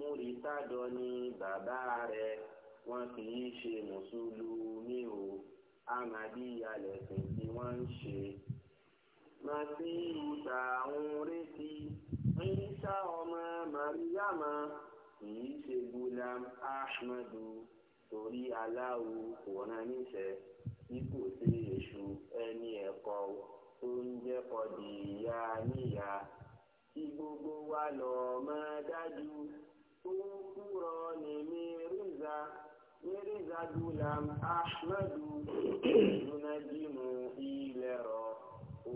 múri sádọ ni bàbá rẹ̀ wọ́n kì í ṣe mùsùlùmí o amadi lẹ̀sìn tí wọ́n ń ṣe. màsíù tá à ń retí Ìsá ọmọ màríyàmá kì í ṣe gulam ahmadu torí aláwo kò rán níṣẹ́ tí sí èṣù ẹni ẹ̀kọ́ tó ń jẹ́ kọ́dìyà níyà tí gbogbo wa lọ́ọ́ máa dájú. Ukurani Miriza Miriza Gulam Ahmadu Yunajimu Ilẹ̀rọ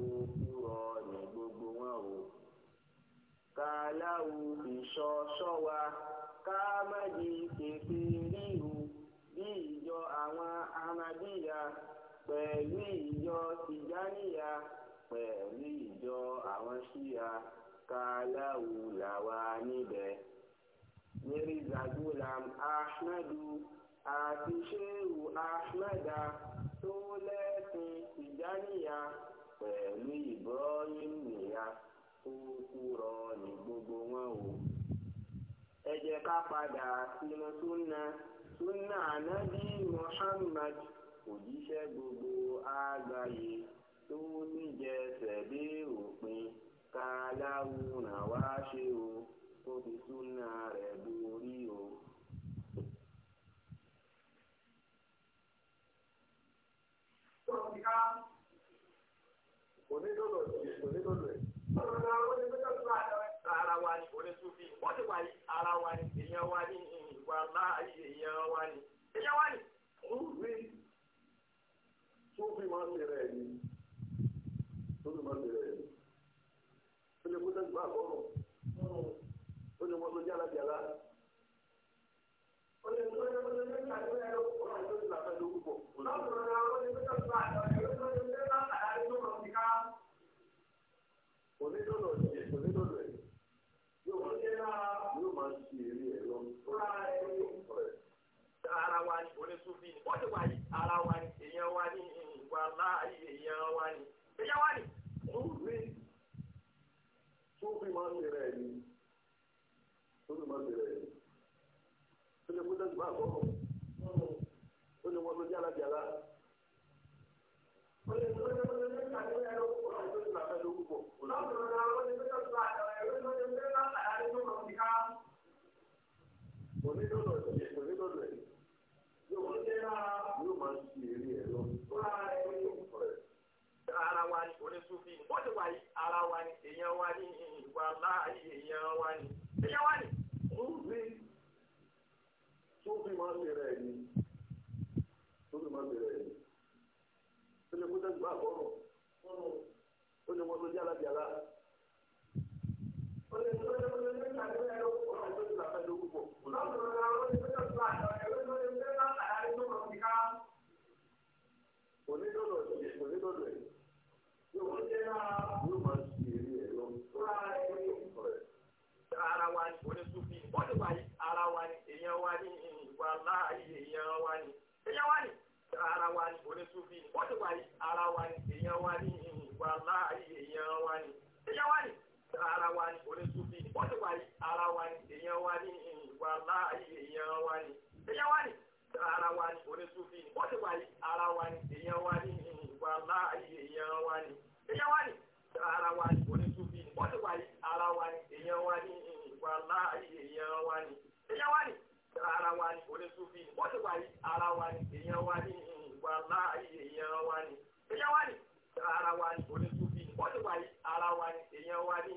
Ukurani gbogbo wọn o. Kàláwù ìṣọṣọ wa ká má di pèpè kekiri bí ìjọ àwọn Ahmadiyya pẹ̀lú ìjọ Tìjáníyà pẹ̀lú ìjọ àwọn Ṣíyà kàláwù níbẹ̀. mírízà gulam ahmadu ati shehu ahmada tó lẹ́sìn tìjáníyà pẹ̀lú ibrahim nìyà ó kúrọ ní gbogbo wọn o. ẹ jẹ́ ká padà sínú súnà súnà ànábì muhammad òjíṣẹ́ gbogbo àgbáyé tó níjẹsẹ̀ dé òpin ká láwùrán wá ṣe tó fi súnà rẹ̀ lórí o. onídòdò onídòdò ẹ̀. ara wa ni onísùfì wọ́n ti wà yí ara wa ni èèyàn wa ni ìwà láàyè èèyàn wa ni èèyàn wa ni. Súfì Súfì máa ń ṣe rẹ̀ ni Súfì máa ń ṣe rẹ̀ ni. Ó lè kó sẹ́yìn bá a kọ́ ọ̀rọ̀ ní wọn tó jára jàlá. ó lè tó ẹgbẹ́ tó ní ká ní ẹ̀rọ kó náà tó ti ló púpọ̀. lọ́sùn rẹ̀ ó ní pẹ́tà tó bá àjọ ẹ̀rọ tó ní pẹ́tà àdáyé tó lọ ká. onídọ̀lọ̀ ẹ̀ onídọ̀lọ̀ ẹ̀ yóò máa ṣe yóò máa ṣe eré ẹ̀ lọ. ara wa ni onísùnfín ni wọ́n ti wà yìí ara wa ni èèyàn wa ni ìwà láàyè èèyàn wa ni èèyàn wa ni. Sófin máa tó máa bẹ̀rẹ̀ rẹ̀ ó lè kó tẹ̀sí máa ó lè wọ́n tó jára jára. ó lè tó lè tó lè ní ẹ̀rọ púpọ̀ náà tó ti máa fẹ́ ló náà ó lè tó tẹ̀sí ẹ̀rọ tó lè fẹ́ náà ti ká. kò ẹ̀ kò ní lọ́dọ̀ ẹ̀ yóò máa ṣe eré ẹ̀ lọ. ara wa ni onísùfì bó ti wà ara wa ni èèyàn wa ni ìwà láàyè èèyàn wa ni èèyàn wa ni tó fi máa ń tẹ̀rẹ̀ ẹ̀yìn tó fi máa ń tẹ̀rẹ̀ ẹ̀yìn tó lè kó tẹ̀sí bá àbọ̀rọ̀ ó lè wọ́n tó jálá jálá. ó lè tó lè tó lè ní ìtàgé ẹ̀rọ ọ̀rọ̀ tó ti sùfì ni wọ́n ti wà yí ara wa ni èèyàn wa ni ìwà láàyè èèyàn wa ni èèyàn wa ni ara wa ni oní sùfì ni wọ́n ti wà yí ara wa ni èèyàn wa ni ìwà láàyè èèyàn wa ni èèyàn wa ni ara wa ni oní sùfì ni wọ́n ti wà yí ara wa ni èèyàn wa ni ìwà láàyè èèyàn wa ni èèyàn wa ni ara wa ni oní sùfì ni wọ́n ti wà yí ara wa ni èèyàn wa ni ìwà láàyè èèyàn wa ni èèyàn wa ni ara wa ni oní sùfì ni wọ́n ti wà yí ara wa ni èèyàn wa ni wà láàyè èèyàn wa ni èèyàn wa ni ara wa ni oníṣubí ni wọ́n ti wà yìí ara wa ni èèyàn wa ni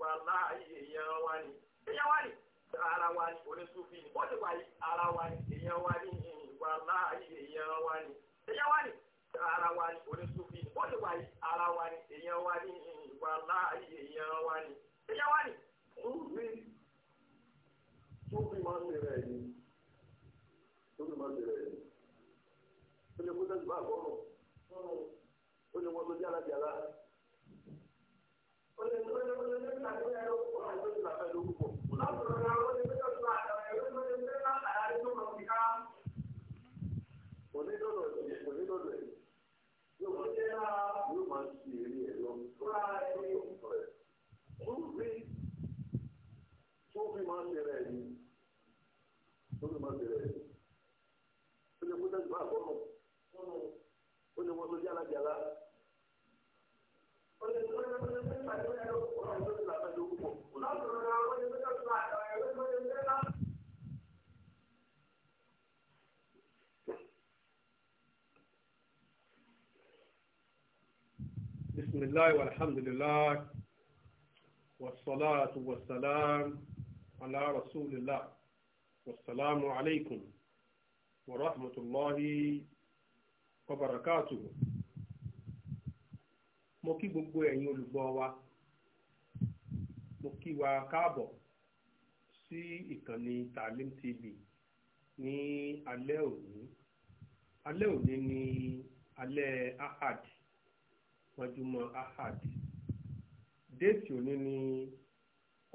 wà láàyè èèyàn wa ni èèyàn wa ni ara wa ni oníṣubí ni wọ́n ti wà yìí ara wa ni èèyàn wa ni wà láàyè èèyàn wa ni èèyàn wa ni ara wa ni oníṣubí ni wọ́n ti ó lè kó sẹ́sì bá àbọ̀rùn ó lè wọ́n tó jára jàlá. ó lè tó lè tó lè nígbà tó yẹ kó kó àjọ ìgbà fẹ́ lórúkọ. lọ́sọ̀rọ̀ náà ó lè tó tó tó àjọ ẹ̀rọ tó lè tó látàrí àdéjọ́ kan fi ká. onídọ̀dọ̀ ẹ̀ onídọ̀dọ̀ ẹ̀ yóò máa jẹ́ náà yóò máa ṣe eré ẹ̀ lọ. fúra ẹni tó fi tó fi máa ń ṣe rẹ̀ yìí tó fi máa ń ṣe rẹ̀ yìí ó lè kó sẹ́sì bá àbọ̀rùn. بسم الله والحمد لله والصلاة والسلام على رسول الله والسلام عليكم ورحمة الله وبركاته mo kí gbogbo ẹ̀yin olùgbọ́ wa mo kí wa káàbọ̀ sí ìkànnì Taalim TV ní alẹ́ òní alẹ́ òní ni alẹ́ ahad mọ́júmọ́ ahad déètì òní ni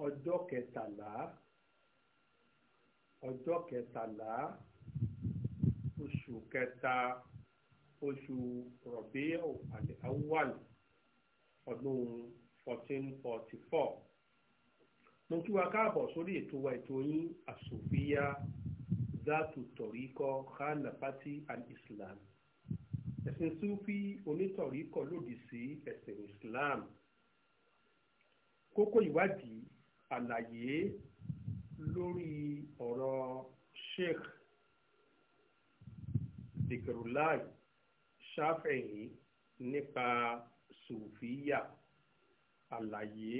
ọjọ́ kẹtàlá ọjọ́ kẹtàlá oṣù kẹta oṣù rọ̀bí àwọ̀lù ọdún 1444 mo kí wa káàbọ̀ sórí ètò wa ètò yín àsòfíà zatu tọ̀ríkọ khanafati al-islam ẹ̀sìn sufi onítọ̀ríkọ lòdì sí ẹ̀sìn islam kókó ìwádìí àlàyé lórí ọ̀rọ̀ sheikh dikirulai ṣáfẹ̀yìn nípa sùfíyà àlàyé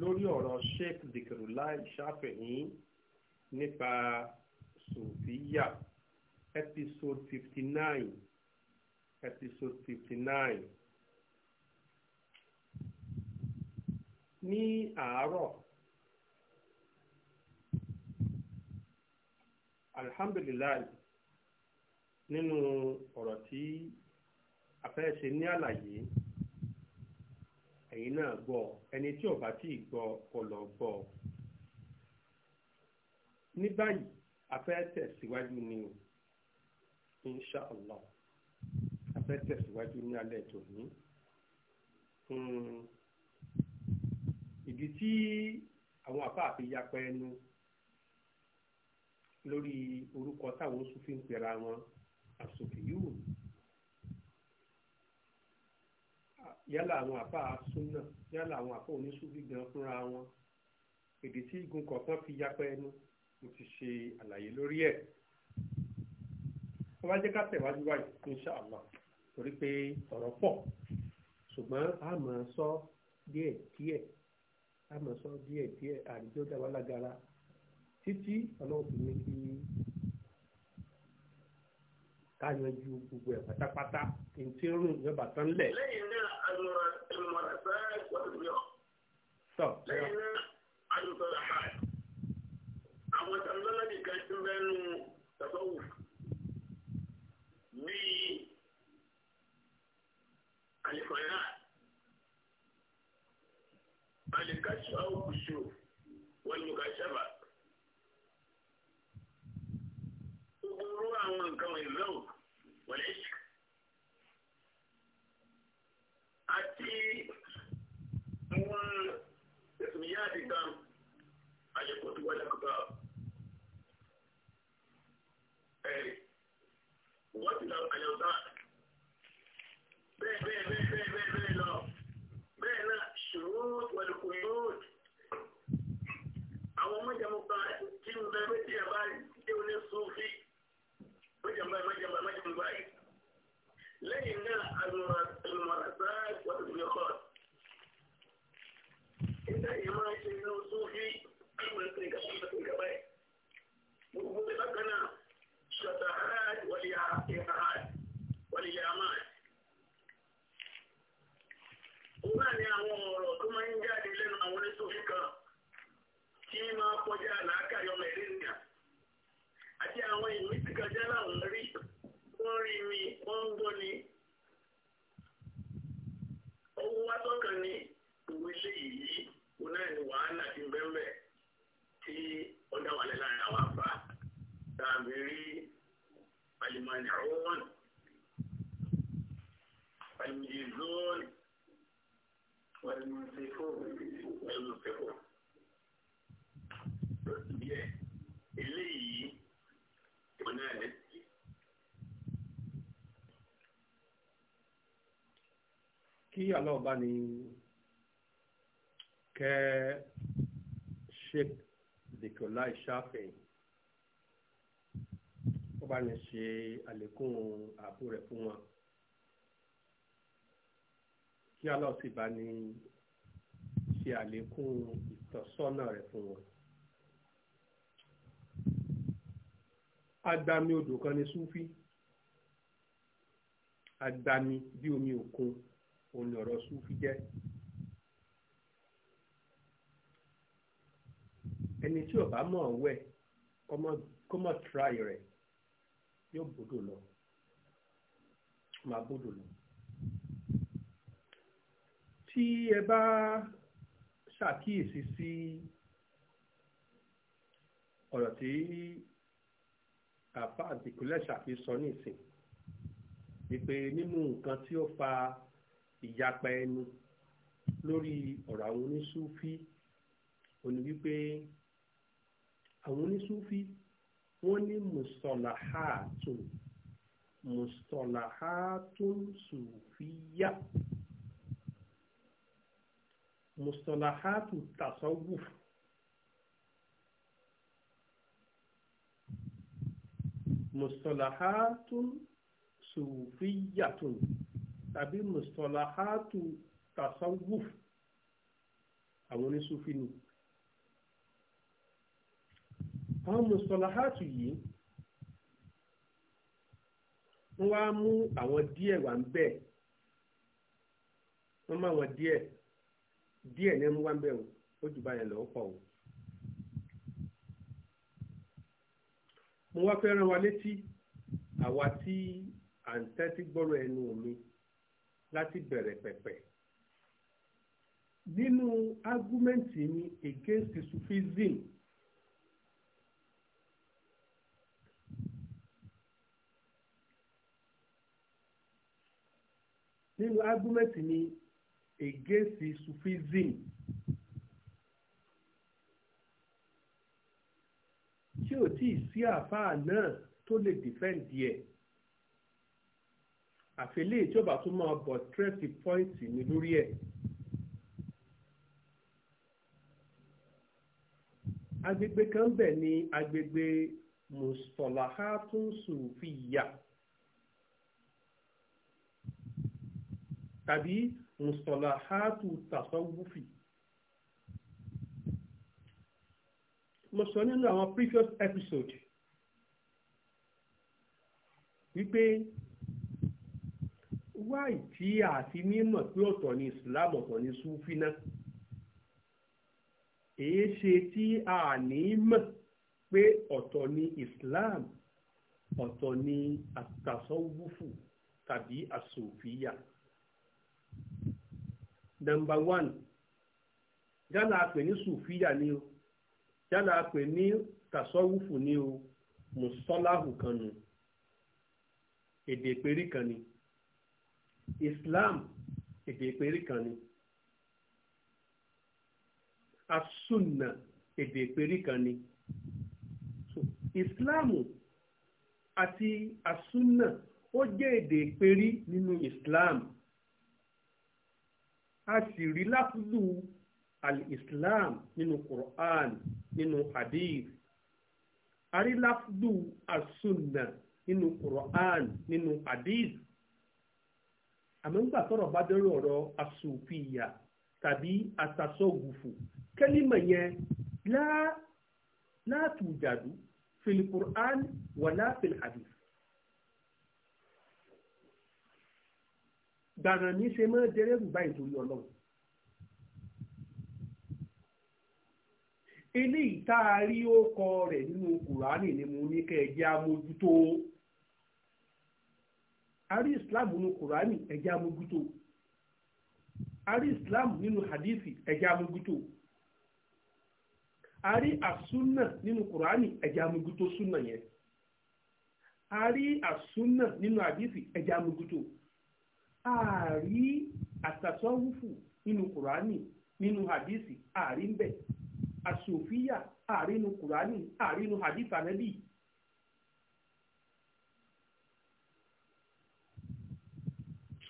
lórí ọ̀rọ̀ sheikh dikirulai ṣàfihàn nípa sùfíyà episode fifty nine episode fifty nine ní àárọ̀ alhamdulilayi nínú ọ̀rọ̀ tí àfẹ́ṣe ní àlàyé ẹ̀yin náà gbọ́ ẹni tí ò bá tí ì gbọ́ kò lọ gbọ́ ní báyìí afẹ́ ni o insha allah afẹ́ tẹ̀síwájú ní alẹ́ tòní hmm. ìdí tí àwọn àfáàfin yapa ẹnu lórí orúkọ táwọn Sufi ń pera wọn àsòfin yìí wò ní. yálà àwọn àfa súnà yálà àwọn àfa oníṣúbí gan fúnra wọn èdè tí igun kọ̀ọ̀kan fi yapa ẹnu mo ti ṣe àlàyé lórí ẹ̀ wọ́n bá jẹ́ ká tẹ̀wájú wáyé inṣàlá torí pé ọ̀rọ̀ pọ̀ ṣùgbọ́n a máa sọ díẹ̀ díẹ̀ a máa sọ díẹ̀ díẹ̀ àdìjọ́ dáwọ́ lágara títí ọlọ́run fi ní kí ká yanjú gbogbo ẹ̀ pátápátá kí n ti rún ìyẹn bàtà ńlẹ̀. lẹ́yìn náà àlùmọ̀ràn àlùmọ̀ràn fẹ́ẹ́ gbọ́dọ̀ yọ. lẹ́yìn náà àlùmọ̀ràn fẹ́ẹ́ àwọn tàbílọ́lá nìkan ti mẹ́nu tàbáwò bíi àlìkọ̀yà àlìkàṣù àwòkùṣù wọn ni kà ṣẹba. gbogbo àwọn nǹkan wọ̀nyí lọ́wọ́ wọ̀lẹ́ṣì àti àwọn ìsìnyá àti kan àjẹkọ̀tù wọlé kọ́kọ́. kí aláwọ̀bá ni kẹ́ Sheikh dikolai Shafii ó bá ní ṣe àlékún ààbò rẹ̀ fún wọn kí aláwọ̀ sì bá ní ṣe àlékún ìtọ́sọ́nà rẹ̀ fún wọn. agbami odò kan ní súfí agbami bí omi òkun òun ni ọ̀rọ̀ súfì jẹ́ ẹni tí ò bá mọ̀ wẹ̀ kó mọ̀ tíráì rẹ̀ yóò bodò lọ máa bodò lọ tí ẹ bá ṣàkíyèsí sí ọ̀rọ̀ tí àbá àdìkúlẹ̀ ṣàfihàn ní ìsìn ni pé nínú nǹkan tí ó fa ìyapa ẹnu lórí ọ̀rọ̀ àwọn onísúfí òní wípé àwọn onísúfí wọ́n ní mùsọ̀làhátùn mùsọ̀làhátùn sùfíyà mùsọ̀làhátù tasawuf mùsọ̀làhátùn sùfíyàtùn. tàbí mustalahatu tasawuf àwọn oníṣúfì ni àwọn hàtù yìí wọ́n wá mú àwọn díẹ̀ wà ń bẹ́ẹ̀ wọ́n mú àwọn díẹ̀ díẹ̀ ní mú wá ń bẹ̀ o ó jù báyẹn lọ́wọ́ pọ̀ o. mo wá fẹ́ wa létí àwa tí à ń tẹ́tí gbọ́rọ̀ ẹnu mi. láti bẹ̀rẹ̀ pẹ̀pẹ̀ nínú ágúmẹ́ǹtì mi against sufism nínú ágúmẹ́ǹtì mi against sufism tí ò tí ì sí àfáà náà tó lè dìfẹ́ǹdì ẹ̀ àfi eléyìí tí ó bá tún máa bọ̀ tírẹ́sì pọ́ìntì mi lórí ẹ̀. agbègbè kan bẹ̀ ni agbègbè mùsùlùmí sùfìyà tàbí mùsùlùmí tasawufi. mo sọ nínú àwọn previous episode wípé wáì tí àfi mímọ̀ pé ọ̀tọ̀ ni Islam ọ̀tọ̀ ni Sufi náà èé ṣe tí a ní mọ̀ pé ọ̀tọ̀ ni Islam ọ̀tọ̀ ni àtàsọ́wúfù tàbí àsòfíà. Nọmba one, yálà a pè ní sòfíà ni o, yálà a ní tàsọ́wúfù ni o, mùsọ́láhù kan nù, èdè ìperí kan ni. Islam èdè ìpèrí kan ni asunna èdè ìpèrí kan ni so Islam àti asunna ó jẹ́ èdè ìpèrí nínú Islam a sì rí láfúlù al-Islam nínú Quran nínú Hadith a rí láfúlù asunna nínú Quran nínú Hadith àmọ́ nígbà tọ́rọ̀ bá dẹ́rù ọ̀rọ̀ asòfìyà tàbí àtàsọ́gùfù kẹ́límà yẹn látùjàdù filikur'an wàlá filhadith. gbàrà ní ṣe máa dẹrẹ́rù báyìí torí ọlọ́run. eléyìí tá a ó kọ rẹ̀ nínú kùránì ni mo ní kẹ́ ẹ jẹ́ amójútó. Ari islam nínú kùránì ẹ̀jẹ̀ amójútó a islam nínú hadithi ẹ̀jẹ̀ amójútó a rí àsúnà nínú kùránì ẹ̀jẹ̀ amójútó súnà yẹn a rí nínú hadithi ẹ̀jẹ̀ amójútó a rí àtàtọ́wùfù nínú kùránì nínú hadithi àárín bẹ́ẹ̀ àsòfíà àárínú kùránì àárínú hadith ànábì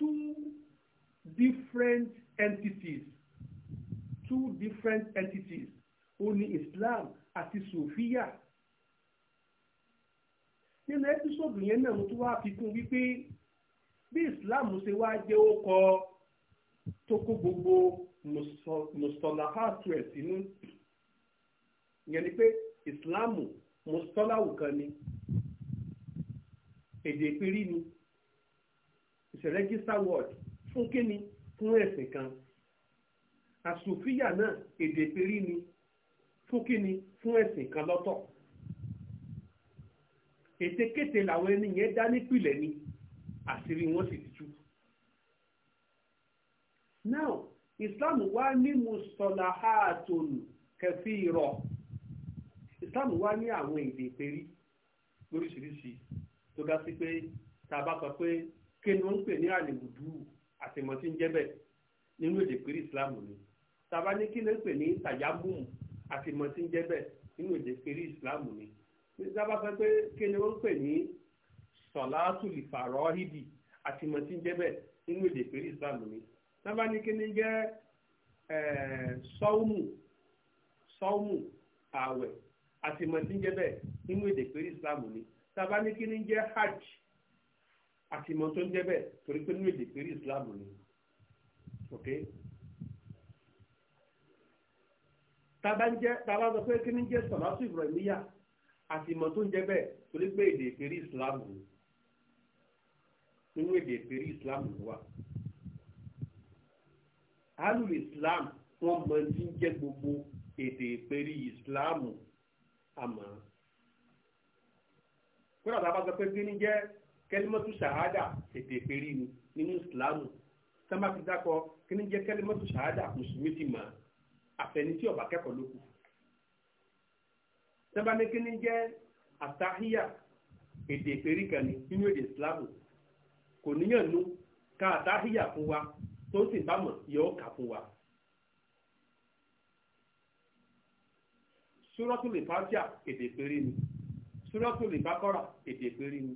two different entities two different entities Only Islam àti Sofiya nínú ẹ́písọ́ọ̀dù yẹn náà mo tún wá fi kún wípé bí Islam ṣe wá jẹ́ ó kọ tó kó gbogbo mùsùlùmáàtù ẹ̀ sínú ìyẹn ni pé Islam mùsùlùmáàwù kan ni èdè ìpírí ni a register word fún kíni fún ẹ̀sìn kan àsòfíà náà èdè péré ni fún kíni fún ẹ̀sìn kan lọ́tọ̀ ètekéte làwọn ẹni yẹn dá nípìlẹ̀ ni àṣírí wọn sì ti tú. now Islam wá ní mustalahatun kathira Islam wá ní àwọn èdè péré lóríṣiríṣi tó dá sí pé tá a bá sọ pé kí ni wọ́n ń pè ní àlèmùdú àtìmọ́ tí ń jẹ́ bẹ́ẹ̀ nínú èdè péré ìsìláàmù ni tàbá ní kí ni ń pè ní tàyámùmù àtìmọ́ tí ń jẹ́ bẹ́ẹ̀ nínú èdè péré ìsìláàmù ni tàbá fẹ́ pé kí ni wọ́n ń pè ní sọ̀látùlì fàrọ́hídì àtìmọ́ tí ń jẹ́ nínú èdè péré ìsìláàmù ni tàbá ní kí ni jẹ́ sọ́ọ̀mù sọ́ọ̀mù ààwẹ̀ àtìmọ́ ń jẹ́ nínú èdè péré ìsìláàmù ni tàbá ní kí ni jẹ́ hajj àti ìmọ̀ tó ń jẹ́ bẹ́ẹ̀ torí pé nínú èdè péré Islam ni ok tábà ń jẹ́ tábà sọ pé kí ni jẹ́ sọ̀látù Ibrahimiyya àti ìmọ̀ ń jẹ́ torí pé èdè péré Islam ni nínú èdè péré Islam ló wà alùl Islam wọ́n mọ̀ ní jẹ́ gbogbo èdè péré Islam àmọ́ kódà tábà sọ pé kí ni jẹ́ kẹlímọ́tù ṣàhádà ètè ìpèrí ni nínú ìsìlámù sábà ti dákọ kí ni jẹ́ kẹlímọ́tù ṣàhádà mùsùlùmí ti mọ̀ àfẹni tí ọba kẹ́kọ̀ọ́ ló kù. sábà ní kí ni jẹ́ àtàhíyà ètè ìpèrí kan ní nínú èdè ìsìlámù kò níyànnú ká àtàhíyà fún wa tó sì bámọ̀ yóò kà fún wa. súrọ́tù lè fàájà èdè ìpèrí ni súrọ́tù lè bákọ́rà èdè ìpèrí ni.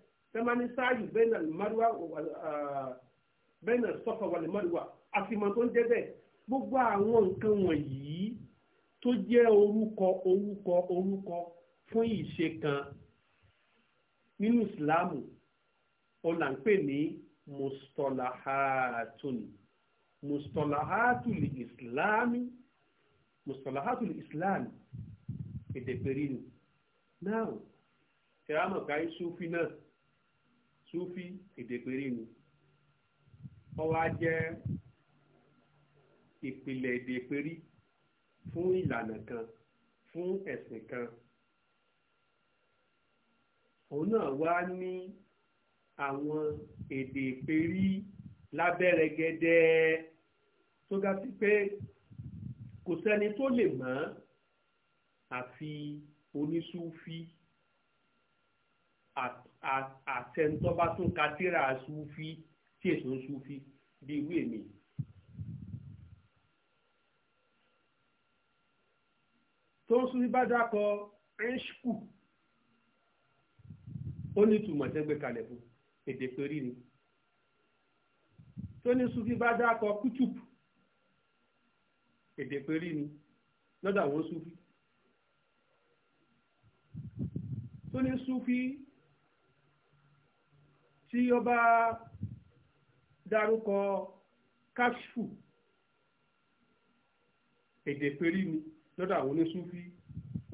tẹ́mání sáàyù bẹ́ẹ̀nà márùwá bẹ́ẹ̀nà sọ́fà wà lè márùwá àfihàn tó ń jẹ́ bẹ́ẹ̀ gbogbo àwọn nǹkan wọ̀nyí tó jẹ́ orúkọ orúkọ orúkọ fún ìṣe kan nínú ìsìláàmù ọ̀là ń pè ní mustalahatun mustalahatul islami mustalahatul islami èdè pẹ̀lú now ẹ̀rọ àmọ̀ká iṣu fi náà sufi èdè péré ni ó wá jẹ́ ìpìlẹ̀ èdè péré fún ìlànà kan fún ẹ̀sìn kan òun náà wá ní àwọn èdè péré lábẹ́rẹ́gẹ́dẹ́ tó ga sí pé kò sẹ́ni tó lè mọ̀ àfi onísúfí àti àtẹnutọ́ba tún ka tíra sufi tí èso ń sufi bí irú èmi. tó ń sufi bá dákọ ẹnṣkù ó ní ìtumọ̀ tẹ́gbẹ́ kalẹ̀ fún èdè péré ni tó ní sufi bá dákọ kútùpù èdè péré ni lọ́dọ̀ àwọn sufi tó ní sufi tí ó bá dárúkọ kashfu èdè péré ni lọ́dọ̀ àwọn oníṣúfí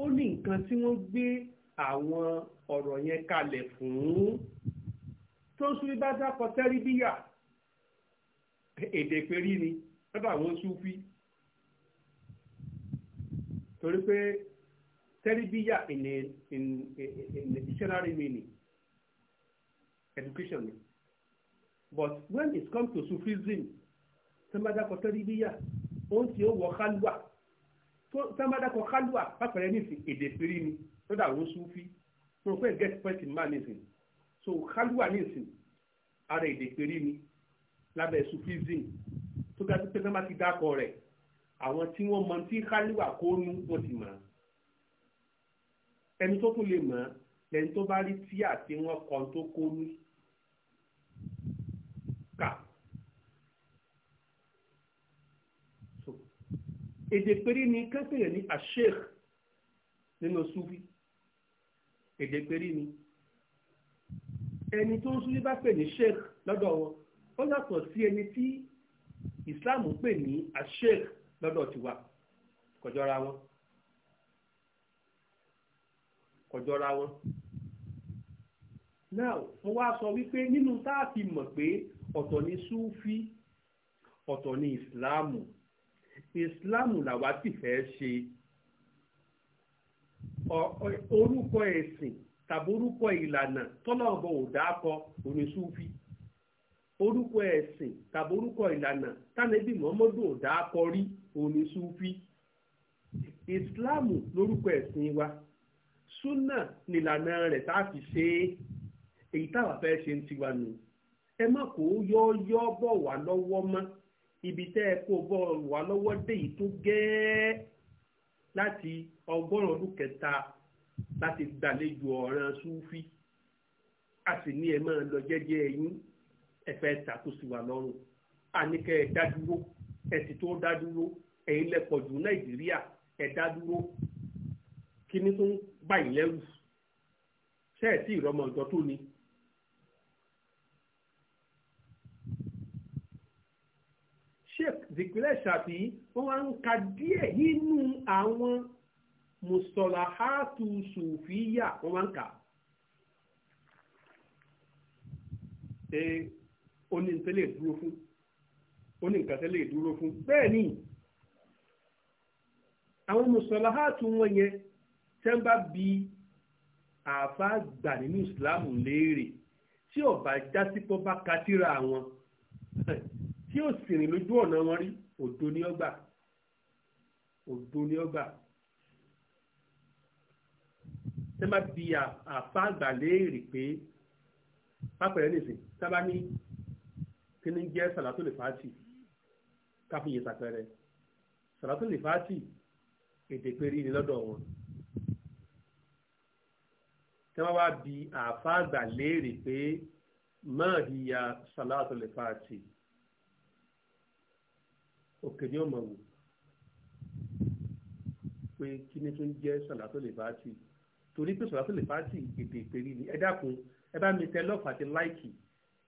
ó ní nǹkan tí wọ́n gbé àwọn ọ̀rọ̀ yẹn kalẹ̀ fún tó ń súnmí bá dákọ tẹ́ríbíyà èdè péré ni lọ́dọ̀ àwọn oníṣúfí torí pé tẹ́ríbíyà in a in a in a dictionary meaning education but when it comes to Sufism tẹmadakọ tẹrìbíyà ohun tí ó wọ kálúwà tẹmadakọ kálúwà pápẹrẹ nísìn èdè péré ni tó dà wọ́n Sufi mo rò pé get first in man so kálúwà nísìn ara èdè péré ni lábẹ́ Sufism so that sí pé tẹ́ bá ti dákọ̀ rẹ̀ àwọn tí wọ́n mọ tí kálíwà kó nú wọ́n ti mọ̀ ẹni tó tún lè mọ̀ lẹ́ni tó bá rí tíà tí wọ́n kọ́ tó kó nú èdè péré ni kẹ́sìyàn ní àṣeèk nínú súfì èdè péré ni ẹni tó ń súfì bá pè ní sheik lọ́dọ̀ wọn ó yàtọ̀ sí ẹni tí Islam pè ní àṣeèk lọ́dọ̀ tiwa kọjọra wọn kọjọra wọn now mo wá sọ wípé nínú tá a fi mọ̀ pé ọ̀tọ̀ ni súfì ọ̀tọ̀ ni Ìsìláàmù ìsìláàmù làwa ti fẹ́ ṣe orúkọ ẹ̀sìn tàbí orúkọ ìlànà tọ́lọ́ọ̀bọ ò dákọ oníṣúfì orúkọ ẹ̀sìn tàbí orúkọ ìlànà tánẹ́bí mọ́mọ́dún ò dákọ rí oníṣúfì ìsìláàmù lórúkọ ẹ̀sìn wa súnà nìlànà rẹ̀ tá a fi ṣe é èyí táwa fẹ́ ṣe ń tiwa nù ẹ má kó yọ́ọ́yọ́ bọ̀ wá lọ́wọ́ mọ́ ibi tẹ́ ẹ kó bọ́ọ̀lù wà lọ́wọ́ dé yìí tó gẹ́ẹ́ láti ọgọ́rùn ọdún kẹta láti gbàlejò ọ̀ràn súfì a sì ní ẹ máa lọ jẹ́jẹ́ ẹ̀yìn ẹ̀fẹ́ tàkùsì wà lọ́rùn àníkẹ́ ẹ dádúró ẹ sì tó dádúró ẹ̀yin lẹ́pọ̀ nàìjíríà ẹ dádúró kíní tó ń báyìí lẹ́rù ṣẹ́ẹ̀ tí ìrọmọ ọ̀dọ́ tó ni. zikilẹ̀ ṣàfi wọ́n wá ń ka díẹ̀ nínú àwọn musolahatu sufiya wọ́n wá ń kà. ṣé ó ní nǹkan dúró fún ó dúró fún bẹ́ẹ̀ ni àwọn musolahatu wọn yẹn tẹ́ ń bá bi àáfàá gbà nínú ìsìlámù léèrè tí ó bá já sí pọ́ bá ka síra wọn tí ò sì rìn lójú ọ̀nà wọn rí òdo ni ó gbà òdo ni ó gbà ṣé má bi àfa àgbà léèrè pé pápẹ̀rẹ́ nìsín sábà ní kí ni jẹ́ sàlátò lè fàátì káfíyè sàpẹrẹ sàlátò lè fàátì èdè péré ni lọ́dọ̀ wọn tí wọ́n wá bi àfa àgbà léèrè pé máa hìyà sàlátò lè fàátì òkè ni ọmọ wò pé kí ni tún jẹ́ sọ̀làtò lè fàátì torí pé sọ̀làtò lè fàátì èdè ìpèrí ni ẹ dákun ẹ bá mi tẹ lọ́ọ̀fù àti láìkì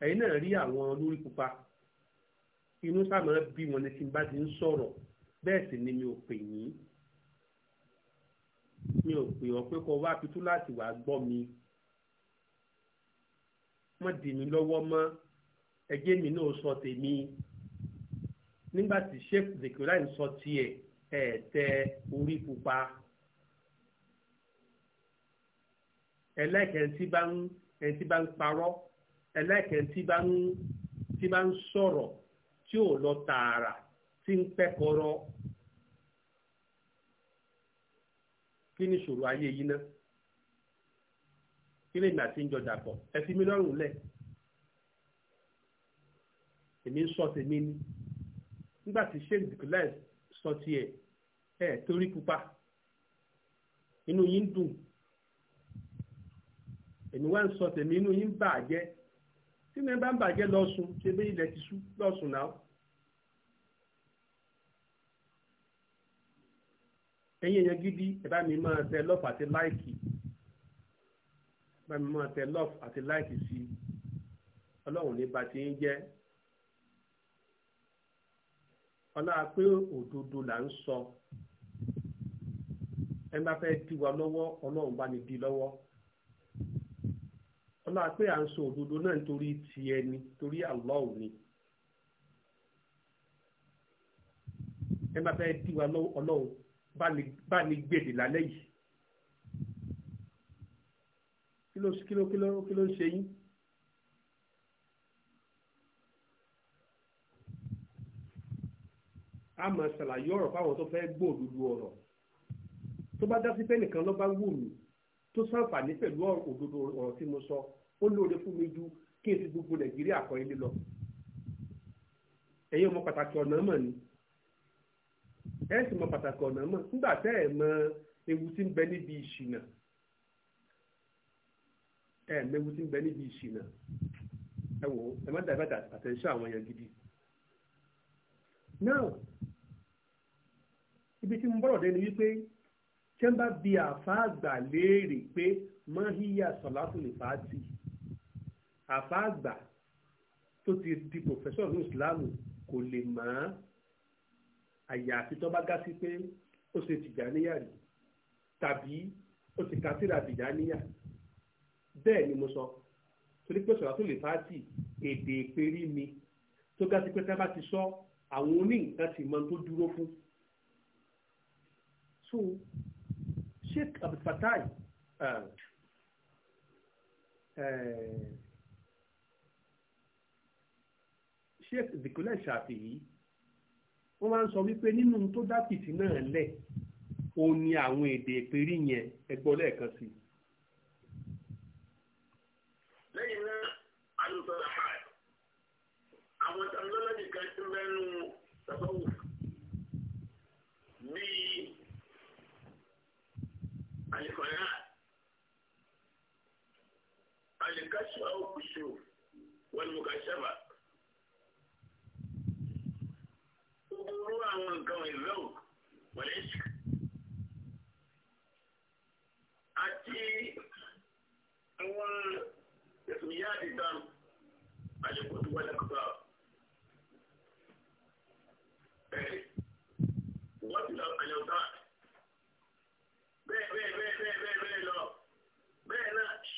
ẹ̀yin náà rí àwọn olórí pupa inú sáàmù bí wọn ni tí n bá ti ń sọ̀rọ̀ bẹ́ẹ̀ sì ni mi ò pè yín mi ò pè ọ́ pé kó wá pitú láti wàá gbọ́ mi wọ́n dì mí lọ́wọ́ mọ́ ẹjẹ́ mi náà sọ tèmi nígbà tí sheikh zekirai sọ tiẹ̀ ẹ̀ tẹ orí pupa ẹlẹ́kẹ̀ẹ́ tí bá ń ẹni tí bá ń parọ́ ẹlẹ́kẹ̀ẹ́ tí bá ń tí bá ń sọ̀rọ̀ tí ò lọ tààrà tí ń pẹ́kọ̀rọ̀ kí ni ìṣòro ayé yìí ná kí lèmi àti ń jọ dàpọ̀ ẹ fi mí lọ́rùn lẹ̀ èmi ń sọ tèmi ni nígbà tí sheikh dikilai sọ tiẹ̀ ẹ̀ torí pupa inú yín dùn èmi wá ń sọ tèmi inú yín bà á jẹ́ tí mi bá ń bàjẹ́ lọ́sùn ṣe bí ilẹ̀ ti sú lọ́sùn náà. ẹ̀yin èèyàn gidi ẹ bá mi máa tẹ lọ́ọ̀fù àti láìkì ẹ mi máa tẹ lọ́ọ̀fù àti láìkì sí ọlọ́run ní bá ń jẹ́ ọlá pé òdodo là ń sọ ẹ bá fẹ́ dí wa lọ́wọ́ ọlọ́run bá ní dí lọ́wọ́ ọlá pé à ń sọ òdodo náà nítorí tiẹ̀ ni torí Allah ni ẹ bá fẹ́ dí wa ọlọ́run bá ní gbèdè lálẹ́ yìí kí ló ń ṣe yín. a máa ṣàlàyé ọ̀rọ̀ fáwọn tó fẹ́ gbòòlù ọ̀rọ̀ tó bá dá sí pé nìkan ló bá wù mí tó ṣàǹfààní pẹ̀lú òdodo ọ̀rọ̀ tí mo sọ ó lóore fún mi ju kí n fi gbogbo nàìjíríà kọ́ ilé lọ ẹ̀yin ọmọ pàtàkì ọ̀nà mọ̀ ni ẹ sì mọ pàtàkì ọ̀nà mọ̀ nígbà tẹ́ ẹ̀ mọ ewu tí ń bẹ níbi ìṣìnà ẹ mẹwu tí ń bẹ níbi ìṣìnà ẹ wò ẹ má dàgbà àtẹ̀ṣẹ́ àwọn èèyàn gidi now ibi tí mo bọ̀rọ̀ dé ni wípé tí wọ́n bá bi àfa àgbà léèrè pé mọ́híyà sọ̀látù lè fàátì àfa àgbà tó ti di pòfẹ́sọ̀ ní ìsìláàmù kò lè mọ̀ á àyàfi tó bá gá sí pé ó ṣe tìjàníyà rí tàbí ó ti ka síra tìjàníyà bẹ́ẹ̀ ni mo sọ torí pé sọ̀rọ̀ lè fàátì èdè ìperí mi tó gá sí pé tá a bá ti sọ àwọn oní ti mọ tó dúró fún so Sheikh abdulfatai uh, uh, Sheikh zikule ṣàfihì wọ́n máa ń sọ wípé nínú tó dá fìtì náà lẹ̀ ó ní àwọn èdè ìpérí yẹn ẹgbọ́ lẹ́ẹ̀kan sí lẹ́yìn náà alùpàdà àwọn tàbí lọ́lọ́dì kan ti mẹ́nu tàbí القناعة الكشف أو الكشوف والمكاشفة وقولوا عن كون الذوق والعشق أتي أول تسميات الدم الجبوت والأكبار What love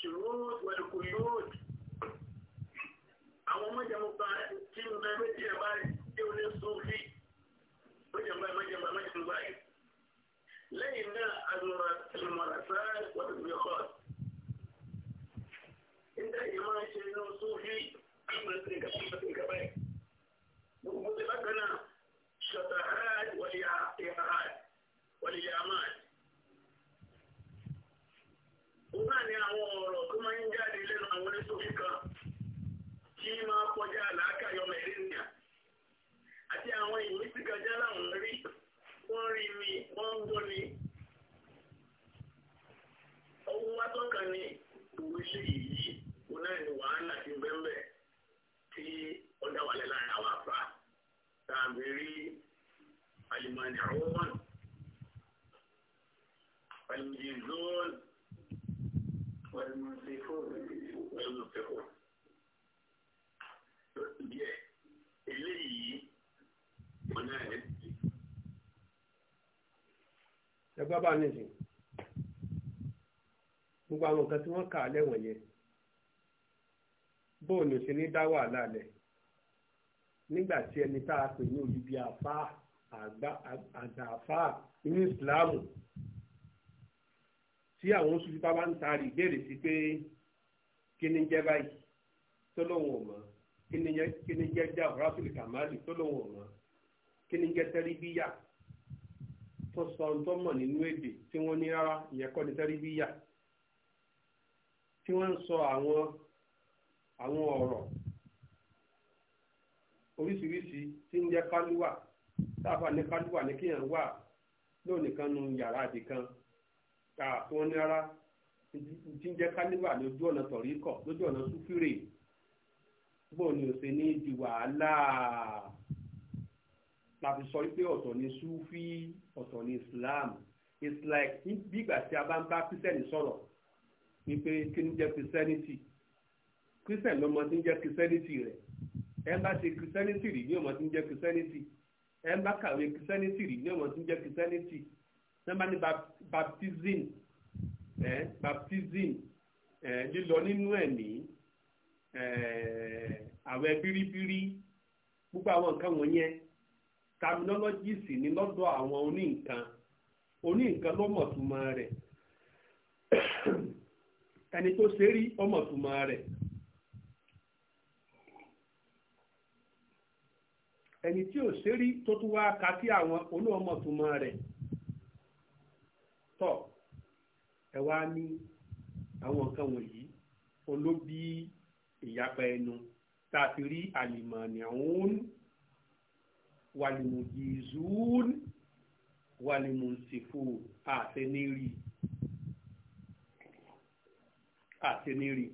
ṣùgbọ́n wẹ̀lùkù yóò àwọn mọ́jẹ̀mú bá tí ń bẹ méjì ẹ̀ báyìí tí ó ní sófì mọ́jẹ̀mú báyìí mọ́jẹ̀mú báyìí mọ́jẹ̀mú báyìí. lẹ́yìn náà àlùmọ̀ràn sáà wọ́n ti fi kọ́ nígbà yìí máa ń ṣe inú sófì àgbẹ̀sẹ̀ nǹkan tó ń bẹ ملعون الجزون والمنصفون والمنصفون eléyìí wọn náà ní. ẹgbẹ́ bá nìyí gbogbo àwọn nǹkan tí wọ́n kà á lẹ́wọ̀n yẹn bóòlù sí ní dá wàhálà lẹ̀ nígbà tí ẹni tá a pè ní olùbí àfáà àgbàfà nínú ìsìláàmù tí àwọn oṣù fipá bá ń taari ìbéèrè sí pé kí ni jẹ́ báyìí tó lóun ò mọ̀ kí ni jẹ́ jẹ́ ọ̀rásùlì kàmáàlì tó lóun ò mọ̀ kí ni jẹ́ tẹ́ríbíyà tó sọ ohun tó mọ̀ nínú èdè tí wọ́n ní rárá ìyẹn kọ́ ni tẹ́ríbíyà tí wọ́n ń sọ àwọn àwọn ọ̀rọ̀ oríṣiríṣi tí ń jẹ́ kálíwà táàbà ní kálúwà ní kíyàn wà lónìkan nu yàrá àdìkan kà wọ́n ní ara ti ń jẹ́ kálíwà lójú ọ̀nà tọ̀ríkọ̀ lójú ọ̀nà súfìrè bó ni ò ṣe ní di wàhálà láti sọ pé ọ̀tọ̀ ni súfì ọ̀tọ̀ ni Islam it's like bí ìgbà tí a bá ń bá kírísẹ́nì sọ̀rọ̀ wípé kí ni jẹ́ kírísẹ́nìtì kírísẹ́nì lọ́mọ tí ń jẹ́ kírísẹ́nìtì rẹ̀ ẹ bá ṣe kírísẹ́nìtì rí ní ọmọ tí ń jẹ́ kírísẹ́nìtì rẹ̀ emaka bá kàwé kìsẹ́nìtì ri ní ọ̀wọ́n tí ń jẹ́ kìsẹ́nìtì nọ́mbà ẹ baptism ẹ lílọ nínú ẹ̀mí biribiri gbogbo àwọn nǹkan wọ̀nyẹn terminologies ní lọ́dọ̀ àwọn awọn oníǹkan nkan mọ̀ túmọ̀ tó ọmọ túmọ̀ ẹni tí ò sérí tó tún wá ka sí àwọn olóòmọ̀túnmọ́ rẹ̀ tọ̀ ẹ wá ní àwọn nǹkan wọ̀nyí olóbi ìyapa ẹnu tá a ti rí àlìmọ̀ọ́nì ọ̀hún wàlìmùjìzún wàlìmùsìfò àtẹnírì àtẹnírì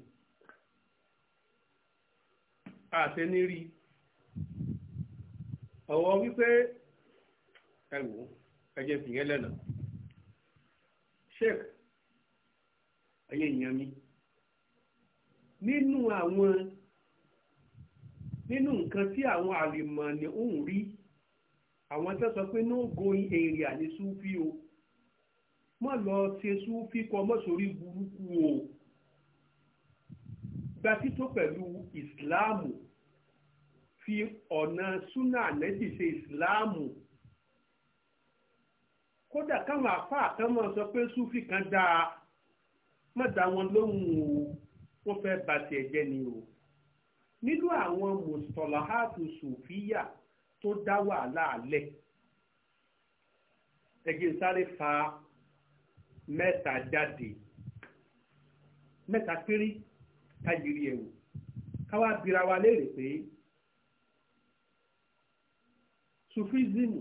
àtẹnírì ọ̀wọ́ wípé ẹ wò ẹ jẹ́ fìyẹn lẹ́nà sheik ayé èèyàn mi nínú àwọn nínú nǹkan tí àwọn àlìmọ̀ọ́nì ń rí àwọn tó sọ pé no going area ní súfì o mọ̀ lọ ṣe súfì kọ mọ̀ sórí burúkú o gbàtí tó pẹ̀lú ìsìláàmù fi ọ̀nà súnà ànẹ́bì ṣe ìsìláàmù kódà káwọn àfáà kan máa sọ pé súfì kan dáa má dá wọn lóhùn o wọ́n fẹ́ ba tiẹ̀ jẹ́ ni o nínú àwọn mùsùlùmáàtù sùfíyà tó dá wàhálà alẹ́ ẹgbẹ́ sáré fa mẹ́ta jáde mẹ́ta péré ká ẹ̀wò káwá bira léèrè pé sufism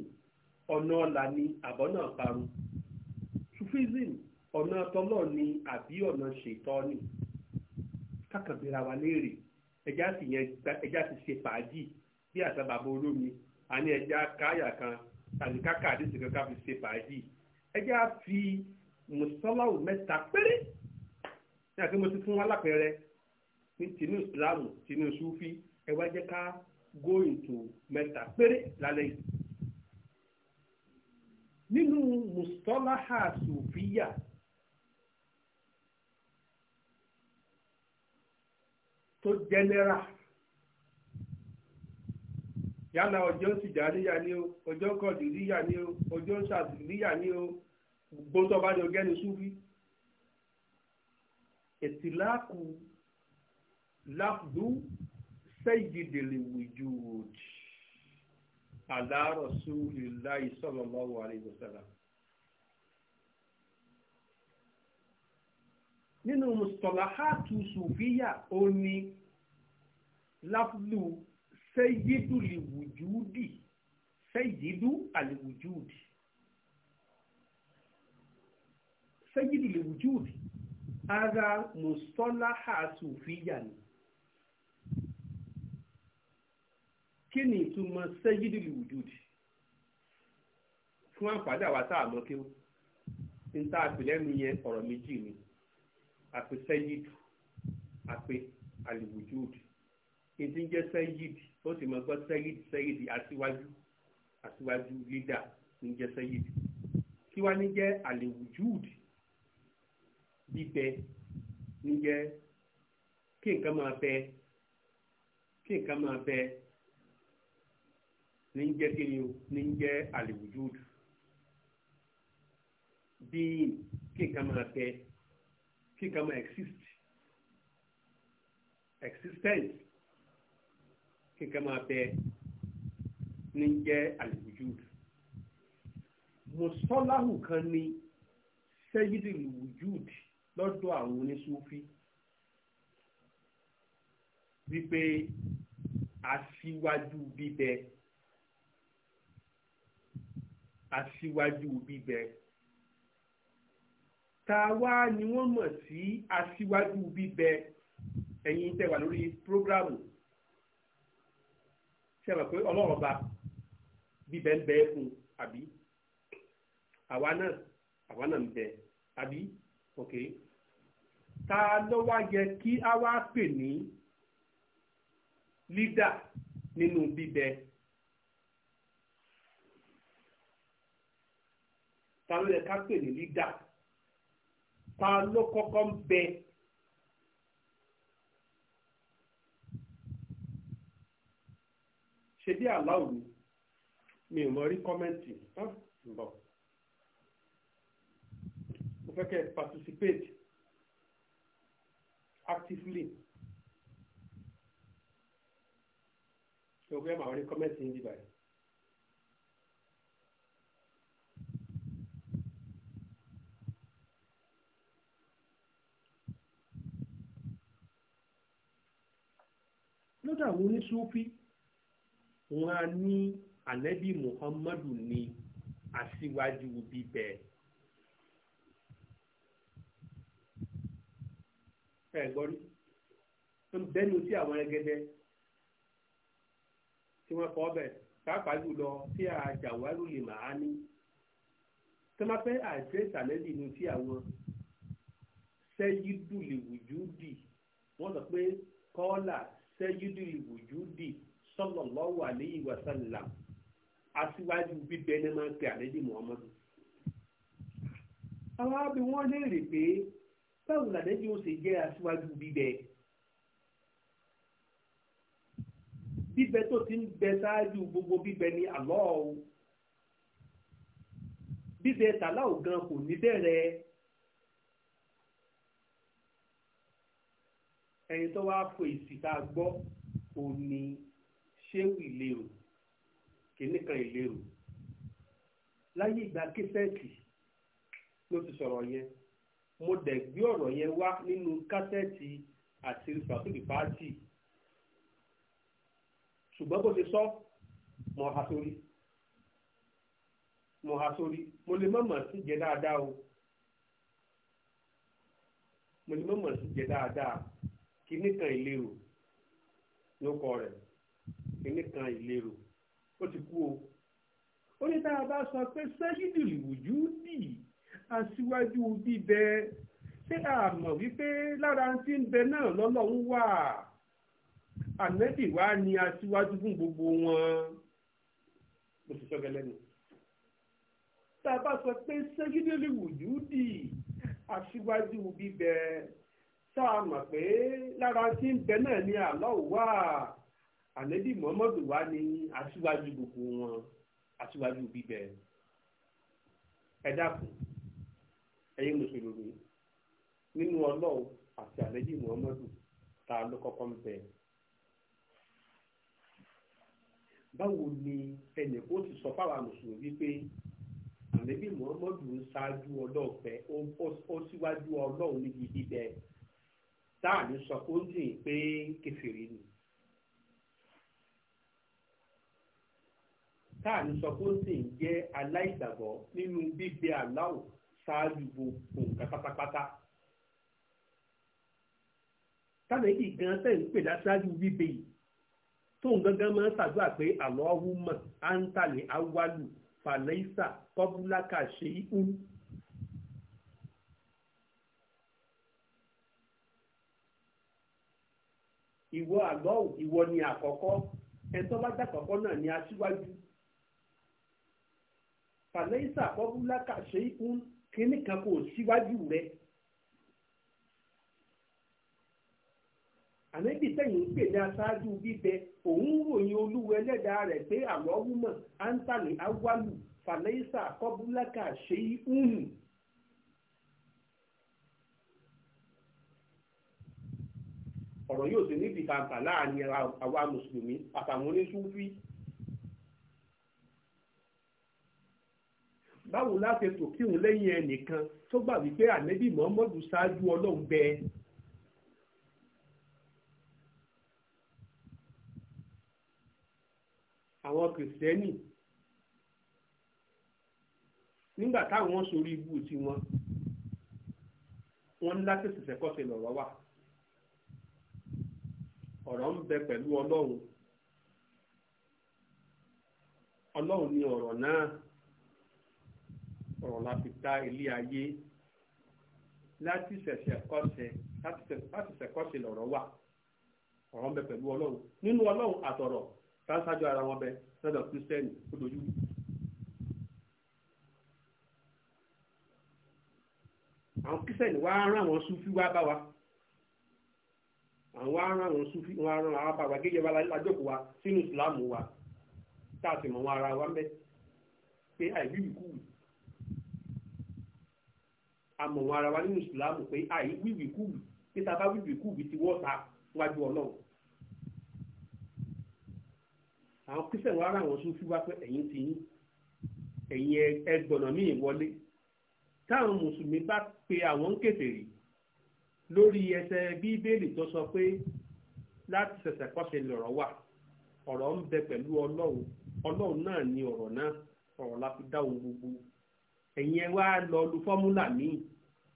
ọ̀nà ọ̀là ni àbọ̀nà parun sufism ọ̀nà tọ́lọ̀ ni àbí ọ̀nà ṣètọ́ni kákàbíra wa léèrè ẹja sì yẹn ẹja sì ṣe fàájì bí àṣà bàbá olómi àní ẹja káyà kan tàbí káka àdéhùn kankan fi ṣe fàájì ẹja fi mùsọ́láwù mẹ́ta péré ní àti mo ti fún wa lápẹẹrẹ ní tinú ìsìlámù tinú sufi ẹ wá ká go to mẹ́ta péré lálẹ́ yìí nínú mustalaha sufiya tó general yálà ọjọ́ sìjáníyà ni o ọjọ́ kọ̀dìríyà ni o ọjọ́ sàdìríyà ni o gbóńtọ́ bá ní ọgẹ́ni súfí ètìláàkù láfdú sayyidil wujud ala rasulillahi sallallahu alayhi wa sallam. nínú mustalahatu sufiya ó ní láfúlù sẹ́yídù lìwùjúdì sẹ́yídù àlìwùjúdì sẹ́yídù lìwùjúdì ara mustalaha sufiya ni. kí ni ìtumọ̀ sẹ́yídìlì wùdúdì fún àǹfààní àwa tá a mọ̀ kí ó ń tá yẹn ọ̀rọ̀ méjì ni àpè sẹ́yídì àpè àlìwùdúdì ìdí ń jẹ́ sẹ́yídì ó sì mọ̀ gbọ́ sẹ́yídì sẹ́yídì aṣíwájú aṣíwájú lídà ń jẹ́ sẹ́yídì kí wá ní jẹ́ àlìwùdúdì bíbẹ ní jẹ́ kí nǹkan máa bẹ kí nǹkan máa bẹ ní ń jẹ́ kíni o ní ń jẹ́ àlèwùjúdù bí kíkan máa bẹ kíkan máa exist existence kíkan máa bẹ ní ń jẹ́ àlèwùjúdù mùsọ́láhù kan ní sẹ́yìdì lùwùjúdì lọ́dọ̀ àwọn oníṣúfí wípé aṣíwájú bíbẹ aṣíwájú bíbẹ ta ni wọ́n mọ̀ sí aṣíwájú bíbẹ ẹ̀yin tẹ́ wà lórí prógrámù ṣe mọ̀ pé ọlọ́run ba bíbẹ ń bẹ fún àbí àwa náà àwa náà ń bẹ àbí ok ta ló wá yẹ kí a wá pè ní lídà nínú bíbẹ. ta ló yẹ ká pè ní lídà ta ló kọ́kọ́ ń bẹ ṣe bí aláwọ̀ ni mi ò mọ rí kọ́mẹ́ǹtì ń mo fẹ́ kẹ́ participate actively ṣe o fẹ́ máa rí kọ́mẹ́ǹtì ń dìbà yìí. lọ́dọ̀ àwọn oníṣúfí wọn a ní ànábì muhammadu ní aṣíwájú bíbẹ ẹ gbọ́rí bẹ́nu tí àwọn ẹgẹdẹ tí wọ́n kọ́ bẹ̀ pàápàá jùlọ tí àjàwárù lè máa ní tí wọ́n fẹ́ àdírẹ́sì tí àwọn sẹ́yìn dùlẹ̀ wùjú dì wọ́n sọ pé kọ́ọ́là sẹ́yídù ìwòjúdì sallallahu alayhi wa sallam aṣíwájú bíbẹ ní máa ń pè àlejò muhammadu. àwọn àbí wọn léèrè pé báwo làlejò ó ṣe jẹ́ aṣíwájú bíbẹ. bíbẹ tó ti ń bẹ ṣáájú gbogbo bíbẹ ní àlọ́ o bíbẹ tàlá ò gan kò ní bẹ̀rẹ̀ ẹni tó wáá po èsì tá a gbọ́ òun ni ṣéwù ìlérò kìnnìkan ìlérò láyé ìgbà kẹsẹ̀tì ló ti sọ̀rọ̀ yẹn mo dẹ̀ gbé ọ̀rọ̀ yẹn wá nínú kásẹ̀tì àti ìfàsókè pàtì ṣùgbọ́n bó ṣe sọ mo ha sórí mo ha sórí mo lè má mọ̀ sí jẹ dáadáa o mo lè má mọ̀ sí jẹ dáadáa kíní kan ìlérò ló kọ rẹ̀ kíní kan ìlérò ó ti kú o ó ní tá a bá sọ pé sẹ́yìndì lùwùjú dì aṣíwájú bíbẹ ṣé a mọ̀ wípé lára tí ń bẹ náà lọ́lọ́run wà ànẹ́bì wá ní aṣíwájú fún gbogbo wọn mo sì sọ gẹ́lẹ́ nù tá a bá sọ pé sẹ́yìndì lùwùjú dì aṣíwájú bíbẹ tá a mọ̀ pé lára tí ń bẹ náà ni àlọ́ wà ànẹ́bí muhammadu wà ní aṣíwájú gbogbo wọn aṣíwájú bíbẹ ẹ dákun ẹ̀yin mùsùlùmí nínú ọlọ́run àti ànẹ́bí muhammadu tá a ló kọ́kọ́ ń bẹ. báwo ni ẹnì kó ti sọ fáwọn mùsùlùmí pé ànẹ́bí muhammadu ń ṣáájú ọlọ́ọ̀fẹ́ ó síwájú ọlọ́run níbi bíbẹ táà ní sọ kó ń dìn pé kẹfìrí ni táà ní sọ kó ń dìn jẹ́ aláìgbàgbọ́ nínú bíbẹ aláwọ̀ ṣáájú gbogbo nǹkan pátápátá tàbí gan tẹ̀ ń pè láṣáájú bíbẹ yìí tóun gangan máa ń ṣàdúrà pé àlọ́ ọ̀hún mọ̀ á ń kọ́búlákà ṣe ìwọ àgbọ̀ ìwọ ni àkọ́kọ́ ẹ̀tọ́ bá dàkọ́kọ́ náà ni aṣíwájú fàlẹ́yìísà kọ́búlákà ṣe ń kínní kan kò síwájú rẹ. ànábì sẹ́yìn ń pè ní aṣáájú bíbẹ òun ròyìn olúwa ẹlẹ́dàá rẹ̀ pé àlọ́ wúmọ̀ áńtàlì fàlẹ́yìísà kọ́búlákà ṣe ń ọ̀rọ̀ yóò sì ní ìdìkàǹkà láàrin àwa mùsùlùmí àtàwọn oníṣúfí báwo láti tò kírun lẹ́yìn ẹnìkan tó gbà wípé ànẹ́bí mọ́mọ́dù ṣáájú ọlọ́run bẹ àwọn kìrìsìtẹ́nì nígbà táwọn sórí ibú tiwọn wọn ní láti ṣẹ̀ṣẹ̀ kọ́sẹ̀ lọ́rọ̀ wà ọ̀rọ̀ ń bẹ pẹ̀lú ọlọ́run ọlọ́run ni ọ̀rọ̀ náà ọ̀rọ̀ la fi ta ilé ayé láti ṣẹ̀ṣẹ̀ kọ́ṣe láti ṣẹ̀kọ́ṣe lọ̀rọ̀ wà ọ̀rọ̀ ń bẹ pẹ̀lú ọlọ́run nínú ọlọ́run àtọ̀rọ̀ sáṣájú ara wọn bẹ lọ́dọ̀ kírísítẹ́nì ó dojú. àwọn kírísítẹ́nì wá rán àwọn súfí wá bá wa àwọn aràn àwọn sufi wọn aràn àwọn bàbá gẹ́gẹ́ bá lájọkọ wa sínú ìsìlámù wa tá a sì mọ wọn ara wa mẹ pé àìwíwì kú wì a mọ wọn ara wa nínú ìsìlámù pé àìwíwì kú wì pé tá a bá wíwì kú wì ti wọ́ ta wájú ọlọ́run àwọn kristian wa ara àwọn sufi wa pé ẹ̀yin ti yín ẹ̀yin ẹgbọ̀nà míì wọlé táwọn mùsùlùmí bá pe àwọn ń kèfèrí lórí ẹsẹ̀ bíbélì tó sọ pé láti ṣẹ̀ṣẹ̀ kọ́ṣe lọ̀rọ̀ wà ọ̀rọ̀ ń bẹ pẹ̀lú ọlọ́run ọlọ́run náà ni ọ̀rọ̀ náà ọ̀rọ̀ la fi dá ohun gbogbo ẹ̀yin ẹ wá lọ lu fọ́múlà míì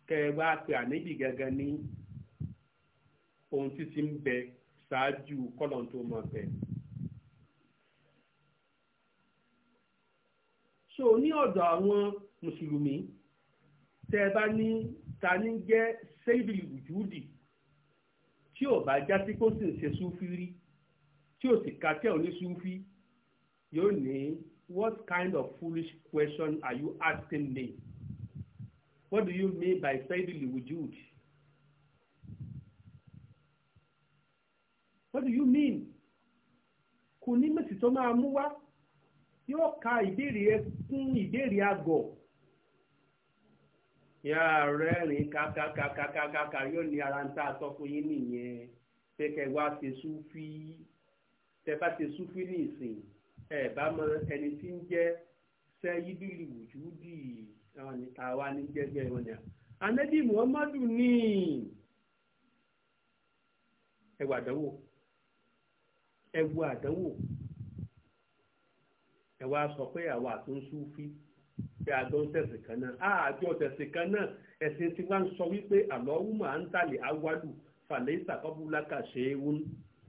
kẹ ẹ wá pe àníbì gangan ní ohun tí ń bẹ ṣáájú kọ́lọ̀ tó mọ̀ bẹ̀. so ní ọ̀dọ̀ àwọn mùsùlùmí tẹ́ ẹ bá ní ta ní jẹ́ sẹ́yìdìlì wùjúdì tí ò bá já sí kó sì ń ṣe súfí rí tí ò sì ka tẹ́ ò ní súfí yóò ní what kind of foolish question are you asking me what do you mean by sẹ́yìdìlì wùjúdì what do you mean kò ní mẹ́sì tó máa mú wá yóò ka ìbéèrè ẹ kún ìbéèrè àgọ̀. yà rẹ́rìn kàkàkàkàkàkà yóò ní ara ń tà sọ fún yín nìyẹn pé kẹwàá ṣe súfì ṣe nìsín ẹ̀ bá mọ ẹni tí ń jẹ sẹyídìlì wùjúdì àwa ní jẹgbẹ wọn ni anabi muhammadu ní ẹwà àdánwò ẹwà àdánwò ẹwà sọ pé àwa pé àjọ ń tẹ̀sìn kan náà àjọ tẹ̀sìn kan náà ẹ̀sìn tí wọ́n ń sọ wípé àlọ́wùmọ̀ à ń tàlẹ̀ awádùn fàlẹ́ ìsàkọ́bùlákà ṣe é wún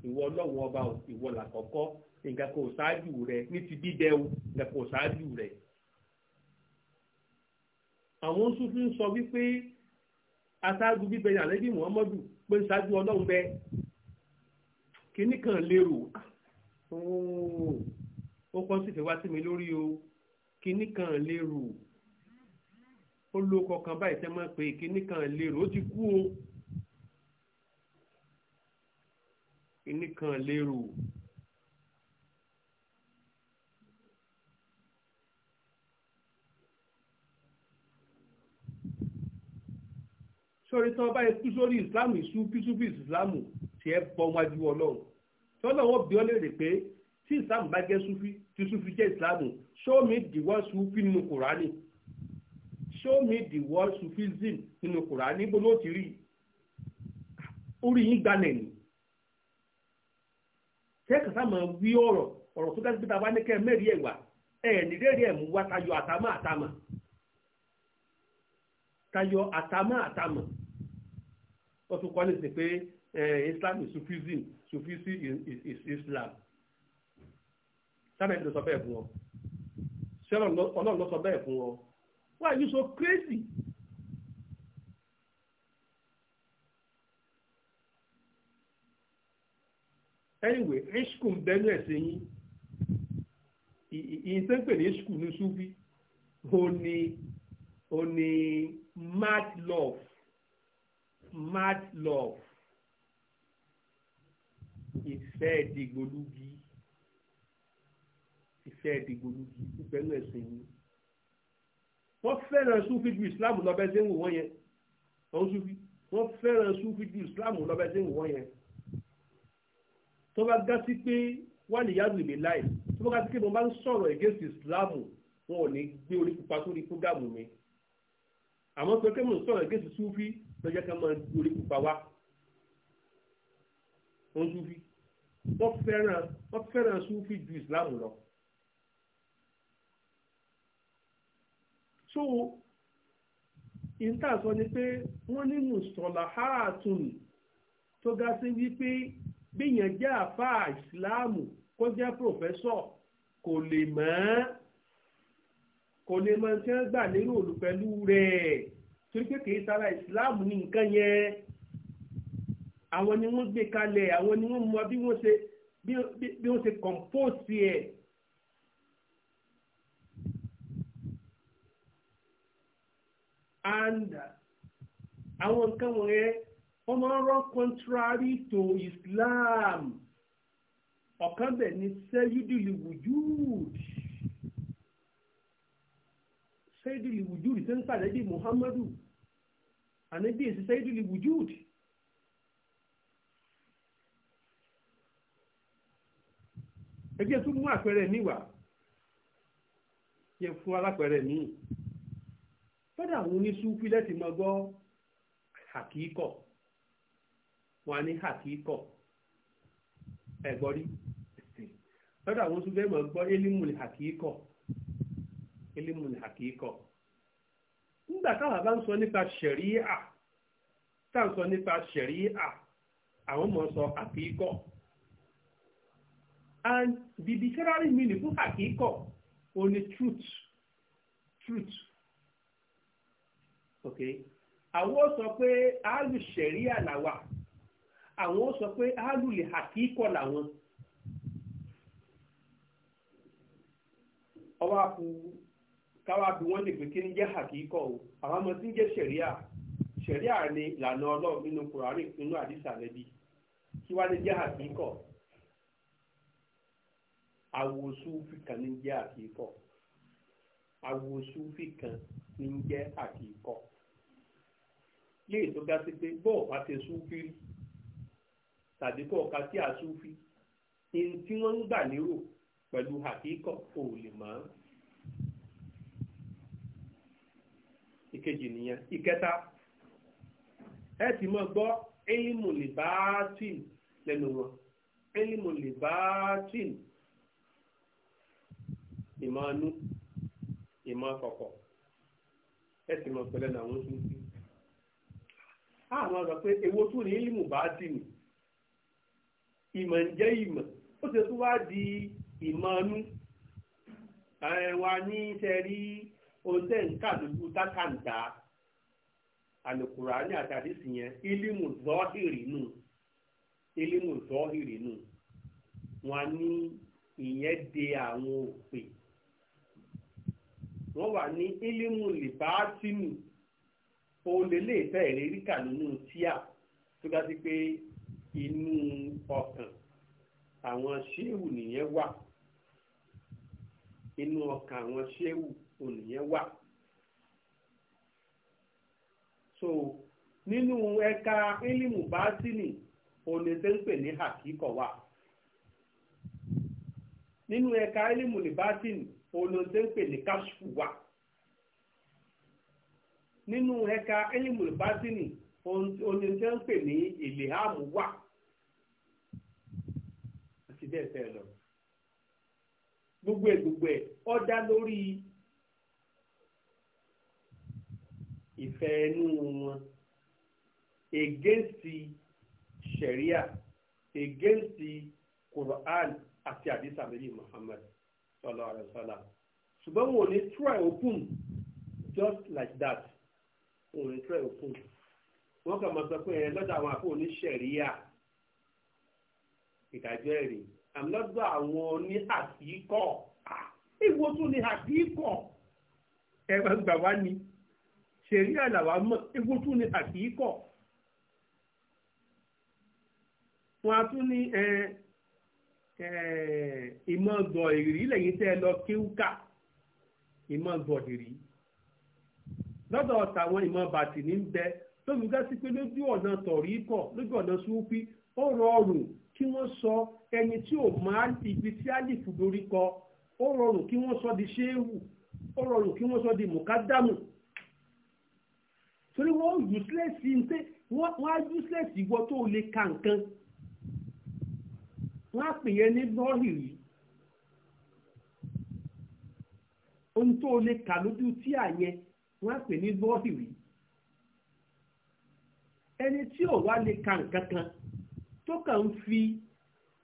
ìwọ ọlọ́run ọba ìwọ làkọ́kọ́ nǹkan kò ṣáájú rẹ ní ti dídẹ o nǹkan kò ṣáájú rẹ. àwọn sufi ń sọ wípé aṣáájú bíbẹ ní àlẹ́bí muhammadu pé ń ṣáájú ọlọ́run bẹ kíní kan lérò ah, ó kọ́ sí ìfẹ́ wá sí mi lórí o kinní kan lérò ó lo kọkàn báyìí tẹ́ mọ́ pé kinní kan lérò ó ti kú o kinní kan lérò. sórí tán báyìí kú sórí ìsìlámù ìsú kú sórí ìsìlámù tiẹ̀ bọ́ wájú ọlọ́run tọ́lọ́wọ́ bí ọ lè rè pé tí islam bá jẹ́ sufi tí sufi jẹ́ islam show me the word sufi nínú kùránì show me the word sufism nínú kùránì bó ló ti rí orí yín gbalẹ̀ ni kẹ́kọ̀ọ́ máa wí ọ̀rọ̀ ọ̀rọ̀ tó dájú pé tàbá ní kẹ́ mẹ́rin ẹ̀ wá ẹ̀ nírẹ́rì ẹ̀ mú wá tayọ àtàmà àtàmà tayọ àtàmà àtàmà wọ́n tún sí pé Islam is sufism sufism is Islam sábẹ́ ìlú sọ bẹ́ẹ̀ fún ọ ṣé ọlọ́run ló sọ bẹ́ẹ̀ fún ọ why you so crazy. anyway ishkun bẹnu ẹsẹ yín ìyíntẹ́pẹ̀ ní ishkun ní sufi ó ní mad love mad love ìfẹ́ ìdìgbòlugi ṣe ẹ̀dìgbò ìgbẹ́nu ẹ̀sìn yìí wọ́n fẹ́ràn súfì ju islam lọ́bẹ̀ sí wò wọ́n yẹn wọ́n súfì wọ́n fẹ́ràn súfì ju islam lọ́bẹ̀ sí wò wọ́n yẹn tó bá gá sí pé wọ́n lè yàgò ìbí láì tó bá gá sí pé mo bá ń sọ̀rọ̀ against islam wọn ò ní gbé orí pupa sórí fúgàmù mi àmọ́ pé kí mo sọ̀rọ̀ against súfì lọ́jọ́ ká máa gbé orí pupa wá wọ́n súfì wọ́n fẹ́ràn wọ́n fẹ́ràn súfì ju islam lọ. so ìta sọ ni pé wọ́n ní mùsọ̀lá háàtùn tó ga sí wípé bíyàn jẹ́ àfáà ìsìláàmù kó jẹ́ pòfẹ́sọ̀ kò lè mọ̀ kò lè mọ̀ tí wọ́n gbà lérò pẹ̀lú rẹ̀ torí pé kì í sara ìsìláàmù ní nǹkan yẹn àwọn ni wọ́n gbé kalẹ̀ àwọn ni wọ́n mọ bí wọ́n ṣe bí wọ́n ṣe kọ̀ǹpóòsì ẹ̀ and uh, àwọn nǹkan wọ̀nyẹn wọ́n máa ń rán contrary to Islam ọ̀kan bẹ̀ ni sẹ́yúdìlì wùjúùdì sẹ́yúdìlì wùjúùdì tó ń pàdé bíi Muhammadu ànábì èsì sẹ́yúdìlì wùjúùdì. ẹ jẹ́ tún mú àpẹẹrẹ mi wá yẹ fún alápẹẹrẹ mi. kódà àwọn n'isi lẹ́sìn máa gbọ́ àkíkọ̀ wọn ní àkíkọ̀ ẹ̀gbọ́n rí àwọn oníṣúfì lẹ́sìn máa gbọ́ elimu ní àkíkọ̀ elimu ní àkíkọ̀ nígbà táwọn bá ń sọ nípa sọ nípa and the literary meaning fún àkíkọ̀ o truth truth ok àwọn ó sọ pé áàlù ṣẹ̀ríà làwà àwọn ó sọ pé alu lè hàkíkọ̀ làwọn. ọwọ́ àpò káwá bí wọ́n lè pè kí o àwọn ọmọ tí ń ni ìlànà ọlọ́run nínú kùránì nínú àdìsá lẹ́bí kí wá ní jẹ́ hàkíkọ̀ àwòsù fìkan ní léyìí ga sí pé bọ́ọ̀ bá ti tàbí ọ̀ka a ní tí wọ́n ń gbà lérò pẹ̀lú àkíkọ̀ ò lè mọ́. ìkejì nìyẹn ìkẹta ẹ ti mọ gbọ́ elimu lè bá lẹ́nu wọn elimu lè bá ìmọ̀ ìmọ̀ ẹ ti mọ pẹ̀lẹ́ wọ́n àwọn ọ̀rọ̀ pé ewo tún ní ilimu bá dì nù ìmọ̀ ń jẹ́ ìmọ̀ ó ti wá di ìmọ̀ ọnú ní sẹ́rí ohun tẹ́ ń kà lójú tákàǹdà àlùkùránì àtàdísì yẹn ìlmù zọ́hìrì nù ìlmù zọ́hìrì nù wọn ní ìyẹn de àwọn òpè wọn wà ní o lè lè fẹ́ rí ríkà nínú tíà tó ga sí pé inú ọkàn àwọn ṣéwù nìyẹn wà inú ọkàn àwọn ṣéwù ònìyẹn wà. so nínú ẹ̀ka ílímù bátínì òní tẹ́ ń pè ní àkíkọ̀ wà nínú ẹ̀ka ílímù bátínì òní tẹ́ ń pè ní káṣù wà. nínú ẹ̀ka elimu batini onye tí ń pè ní ìlèhàmù wà àti bẹ́ẹ̀ bẹ́ẹ̀ lọ gbogbo gbogbo dá lórí ìfẹ́ ẹnu wọn against sharia against quran àti àdìsá méjì muhammad sallallahu alaihi wasallam ṣùgbọ́n wọn ò ní try open just like that. òun ìtura ìkú wọ́n kàn máa sọ pé ẹ lọ́dọ̀ àwọn àpò oníṣẹ̀ríà ìdájọ́ ẹ̀rí àmì lọ́dọ̀ àwọn oní àkíkọ̀ ìwọ tún ní àkíkọ̀ ẹ̀rọ gbà wá ni ṣẹ̀ríà làwa mọ̀ ìwọ tún ní àkíkọ̀ wọn a tún ní ẹ ẹ ìmọ̀ ọ̀dọ̀ ìrírí lẹ́yìn tẹ́ ẹ lọ kéwúkà ìmọ̀ ọ̀dọ̀ ìrírí. lọ́dọ̀ tàwọn ìmọ̀ bàtì ní bẹ tó fi gásí pé lójú ọ̀nà tọ̀rí kọ̀ lójú ọ̀nà súnfí ó rọrùn kí wọ́n sọ ẹni tí ò máa ibi tí kọ ó rọrùn kí wọ́n sọ di ṣéwù ó rọrùn kí wọ́n sọ di torí wọ́n useless wọ́n ka nǹkan wọ́n á wọ́n pè ní zọ́ọ̀hìrì ẹni tí ò wá lè ka nǹkan kan tó kàn ń fi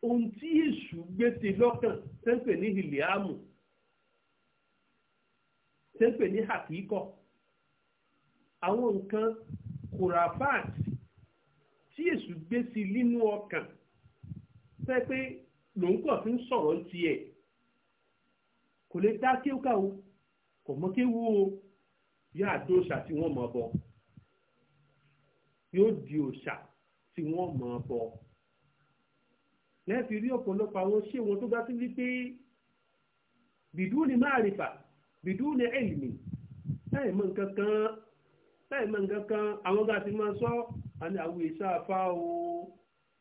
ohun tí èṣù gbé sí lọ́kàn tó ń pè ní hìlíàmù tó ń pè ní hàkíkọ̀ àwọn nǹkan kùràfáàt tí èṣù gbé sí nínú ọkàn tó ń pè lòun kàn fi ń sọ̀rọ̀ tiẹ̀ kò lè dá kéwkà o kò mọ kéwu o yóò àdó òòṣà tí wọ́n mọ̀ bọ yóò di òòṣà tí wọ́n mọ̀ bọ lẹ́ẹ̀fi rí ọ̀pọ̀lọpọ̀ àwọn ṣé wọn tó bá sí wípé bìdú ni máa rìfà bìdú ni ẹ̀lìmì láì mọ̀ nǹkan kan láì mọ̀ nǹkan kan àwọn bá ti máa sọ àní àwọn èsà afá o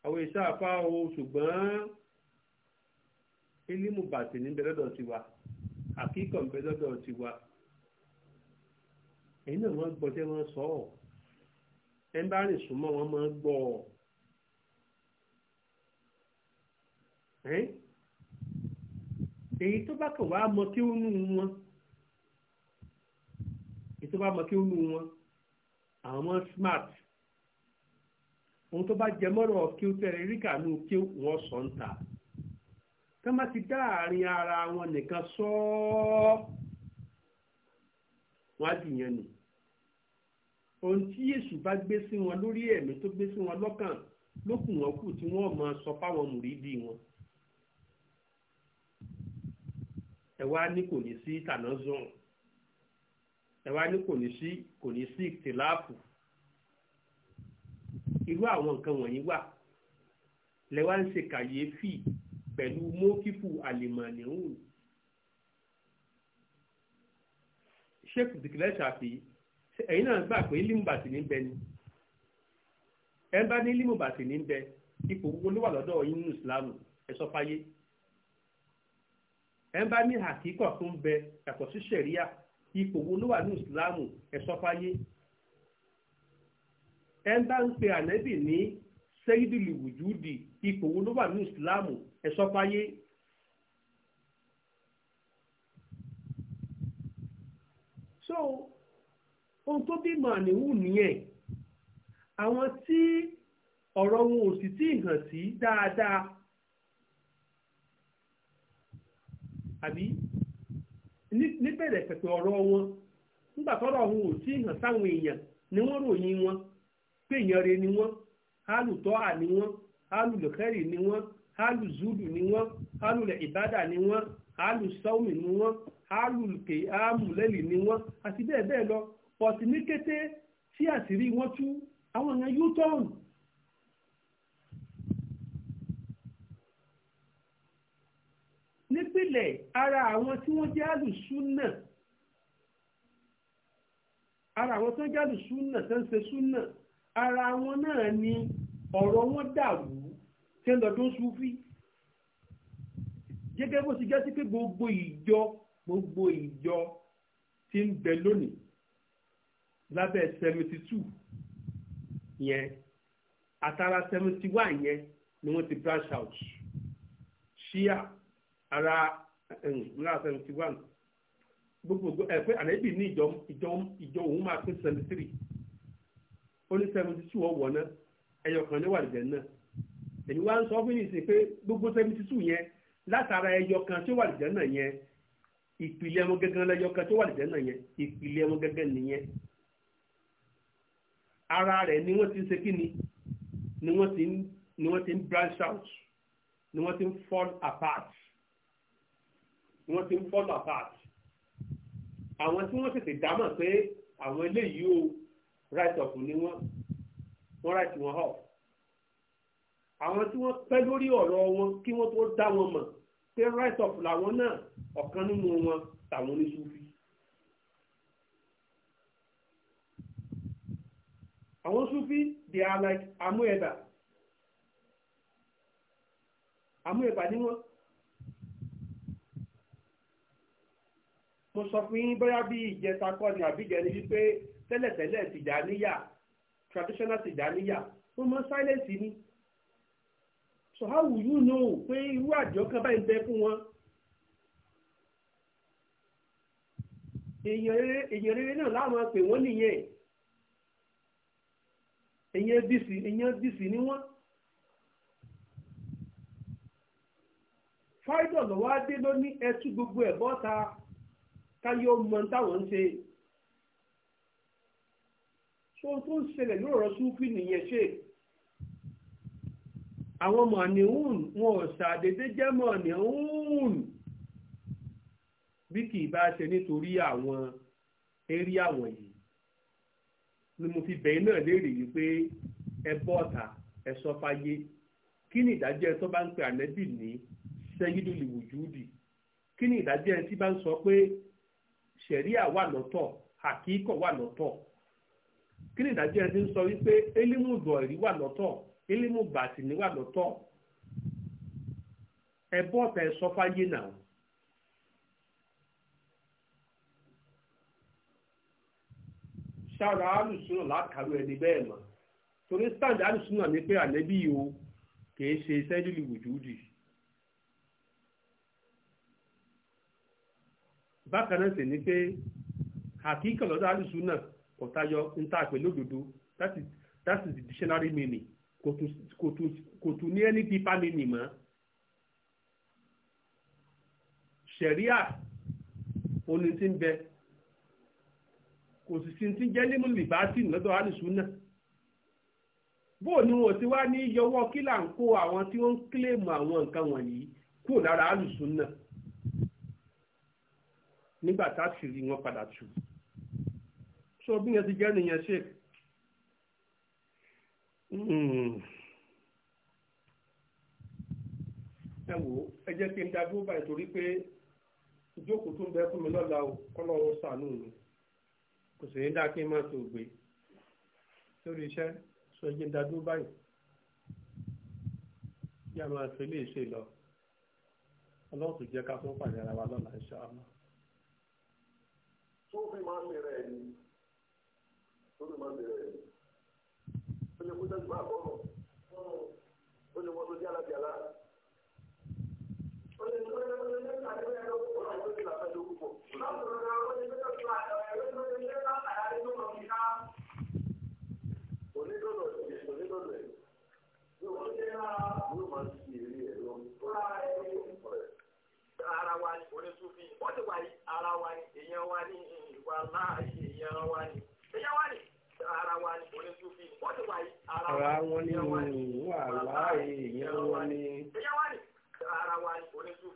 àwọn èsà afá o ṣùgbọ́n ilé mu bàtì ní bẹ́lẹ́dọ̀ tiwa àkíkọ̀ ń bẹ́lẹ́dọ̀ tiwa ẹ̀yin náà wọ́n gbọ́ tẹ́ wọ́n sọ ọ́ ẹ̀ ń bá rìn súnmọ́ wọn máa ń gbọ́ ọ. èyí tó bá kàn wá mọ kí ó nù wọn èyí tó bá mọ kí ó nù wọn àwọn smart ohun tó bá jẹ mọ́rọ̀ kí ó tẹ́lẹ̀ ríkà ní kí wọ́n sọ ń ta kí wọ́n ti dá àárín ara wọn nìkan sọ́ọ́ wọ́n á jù nìyí ohun tí Yésù bá gbé sí wọn lórí ẹ̀mí tó gbé sí wọn lọ́kàn ló kù wọ́n kù tí wọ́n máa sọ fáwọn mùrídì wọn. ẹ wá ní kò ní sí tanazon ẹ wá ní kò ní sí kò ní sí tìláàpù irú àwọn nǹkan wọ̀nyí wà lẹ́wà ń ṣe kàyéfì pẹ̀lú mókífù àlìmọ̀nìhùn sheikh dikilẹ́sàfì ẹ̀yin náà gbà pé límù bàtì ní bẹ ni ẹ bá ní límù bàtì ní bẹ ipò gbogbo ló wà lọ́dọ̀ yín nínú ìsìlámù ẹ sọ fáyé ẹ bá ní àkíkọ̀ tó ń bẹ yàtọ̀ sí sẹ̀ríà ipò gbogbo ló wà nínú ìsìlámù ẹ sọ fáyé ẹ bá ń pe ànẹ́bì ní sẹ́yídìlì wùjúdì ipò gbogbo ló wà nínú ìsìlámù ẹ sọ fáyé. so ohun tó bí màníwù nìyẹn àwọn tí ọ̀rọ̀ wọn ò sì tí hàn sí dáadáa àbí níbẹ̀rẹ̀ pẹ̀pẹ̀ ọ̀rọ̀ wọn nígbà tọ́rọ̀ wọn ò hàn sáwọn èèyàn ni wọ́n ròyìn wọn pé èèyàn re ni wọ́n alùtọ́ à ni wọ́n alùlùkẹ́rì ni wọ́n alùzúdù ni wọ́n alùlẹ̀ ìbádà ni wọ́n ni wọ́n ni wọ́n àti bẹ́ẹ̀ bẹ́ẹ̀ lọ pọ̀sì ní kété tí àṣírí wọn tú àwọn èèyàn yóò tọ̀hún. nípìnlẹ̀ ara àwọn tí wọ́n jẹ́ àlùsúnà ara àwọn tó ń jẹ́ àlùsúnà tó ń ṣe súnà ara àwọn náà ni ọ̀rọ̀ wọn dàrú tí ń lọ́dún súfì gẹ́gẹ́ bó ti jẹ́ sí pé gbogbo ìjọ gbogbo ìjọ ti ń bẹ lónìí lábẹ́ seventy two yẹn àtàrà seventy one yẹn ni wọ́n ti branch out ṣíà ara náà seventy one gbogbo ẹ pé ànábì ní ìjọ ìjọ ìjọ òun máa pín seventy three ó ní seventy two ọ̀wọ́ náà ẹyọ kan ní wàlùjẹ náà èyí wá ń sọ fún yìí sí pé gbogbo seventy two yẹn látara ẹyọ kan tí ó wàlùjẹ náà yẹn ìpìlẹ̀ wọn gẹ́gẹ́ lẹ́yọ kan tí ó wàlùjẹ náà yẹn ìpìlẹ̀ wọn gẹ́gẹ́ nìyẹn ara rẹ̀ ni wọ́n ti ń ṣe kí ni ni wọ́n ti ń branch out ni wọ́n ti ń fall apart ni wọ́n ti ń fall apart àwọn tí wọ́n tètè dámọ̀ pé àwọn eléyìí o right of ni wọ́n wọ́n right wọn off àwọn tí wọ́n pẹ́ lórí ọ̀rọ̀ wọn kí wọ́n tó dá wọn mọ̀ pé right of làwọn náà ọ̀kan nínú wọn tàwọn oníṣúfì àwọn Sufi they are like amúẹ̀bà amúẹ̀bà ni wọ́n mo sọ fún yín bóyá bí ìjẹta kọ́ ni àbíjẹ ni wípé tẹ́lẹ̀tẹ́lẹ̀ Tìjàníyà traditional Tìjàníyà wọ́n mọ silence ni so how will you know pé irú àjọ kan báyìí ń bẹ fún wọn. èèyàn rere náà láwọn pè wọ́n nìyẹn èyàn dìsì èyàn dìsì ni wọ́n. fáìdọ̀ lọ́wọ́ adé ló ní ẹtú gbogbo ẹ̀ bọ́ta káyọ̀ mọ táwọn ń ṣe. so tó ń ṣẹlẹ̀ lóòrọ̀ rọ súnfì nìyẹn ṣe. àwọn mọ̀nìhún wọn ò ṣàdédé jẹ́ mọ̀nìhún bí kì í bá ṣe nítorí àwọn eré àwọn yìí ni mo fi bẹ̀yìn náà léèrè yìí pé ẹ bọ́ ọ̀tà ẹ sọ fáyé kí ni ìdájọ́ ẹ tó bá ń pe ànẹ́bì ní sẹ́yìndòlì wùjúdì kí ni ìdájọ́ ẹ tí bá ń sọ pé ṣẹ̀ríà wà lọ́tọ̀ àkíkọ̀ wà lọ́tọ̀ kí ni ìdájọ́ ẹ ti ń sọ wípé elimu dọ̀rí wà lọ́tọ̀ elimu bàtìní wà lọ́tọ̀ ẹ ọ̀tà ẹ sọ náà. ṣára alùsùnà lákàrú ẹni bẹ́ẹ̀ mọ̀ torí stand alùsùnà ni pé ànẹ́bí o kìí ṣe sẹ́dúlì wùjúdì. bákan náà sì ni pé àkíkà lọ́dọ̀ alùsùnà kò tayọ níta that is the dictionary meaning kò tún ní ẹni pípa meaning mọ́. bẹ kò sì sí ti jẹ́ límù lìbátì lọ́dọ̀ alùsùn náà bó ni wọn ti wá ní yọwọ́ kí là ń kó àwọn tí wọ́n ń kílèmù àwọn nǹkan wọ̀nyí kúrò lára alùsùn náà nígbà tá a sì rí wọn padà tù sọ bí yẹn ti jẹ́ nìyẹn ṣe. Hmm. ẹ wò ó ẹ jẹ́ kí n dá dúró báyìí torí pé ìjókòó tó ń bẹ fún mi lọ́la kọ́ lọ́wọ́ ṣàánú mi kò sì ní dá kí n má tó gbé lórí iṣẹ́ sọjí ń dadú báyìí yá máa fi ilé ìṣe lọ ọlọ́run tó jẹ́ ká tún pàdé ara wa lọ́la ìṣọ́ àmọ́. tó fi máa ń bẹ̀rẹ̀ ẹ̀yìn tó fi máa ń bẹ̀rẹ̀ ẹ̀yìn ó lè kó dájú bá a ó lè wọ́n tó jálajàla. wọ́n ti wà ní ara wa ni èèyàn wa ní ìwà láàyè èèyàn wa ni èèyàn wa ara wa ni oníṣúfì ó ti wà ní ara wa ní ìwà láàyè èèyàn wa èèyàn wa ara wa ti wà ní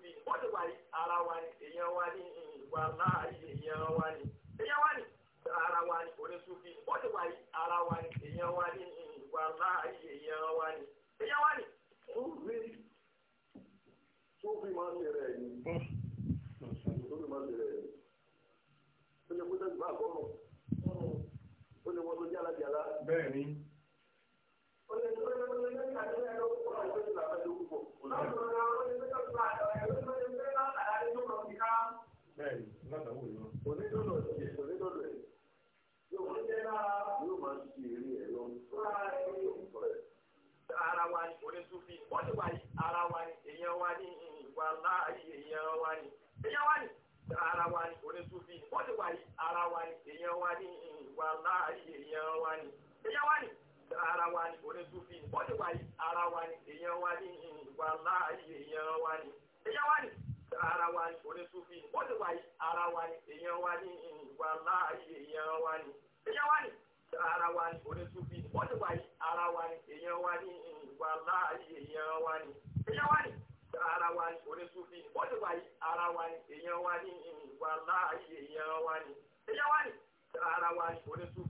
ara wa èèyàn wa ní ìwà láàyè èèyàn wa èèyàn wa ara wa ti wà ní ara lórí máa bẹ̀rẹ̀ rẹ̀ ó lè kó sẹ́sì máa kọ́ ọ̀rùn ó lè wọ́n tó jálá jálá. bẹ́ẹ̀ ni. ó lè tó lè tó lè ká ní ẹ̀rọ púpọ̀ àti ìlànà ìlú púpọ̀. wa ni èèyàn wa ni ìwà láàyè èèyàn wa ni èèyàn wa ni ara wa ni oníṣùkú.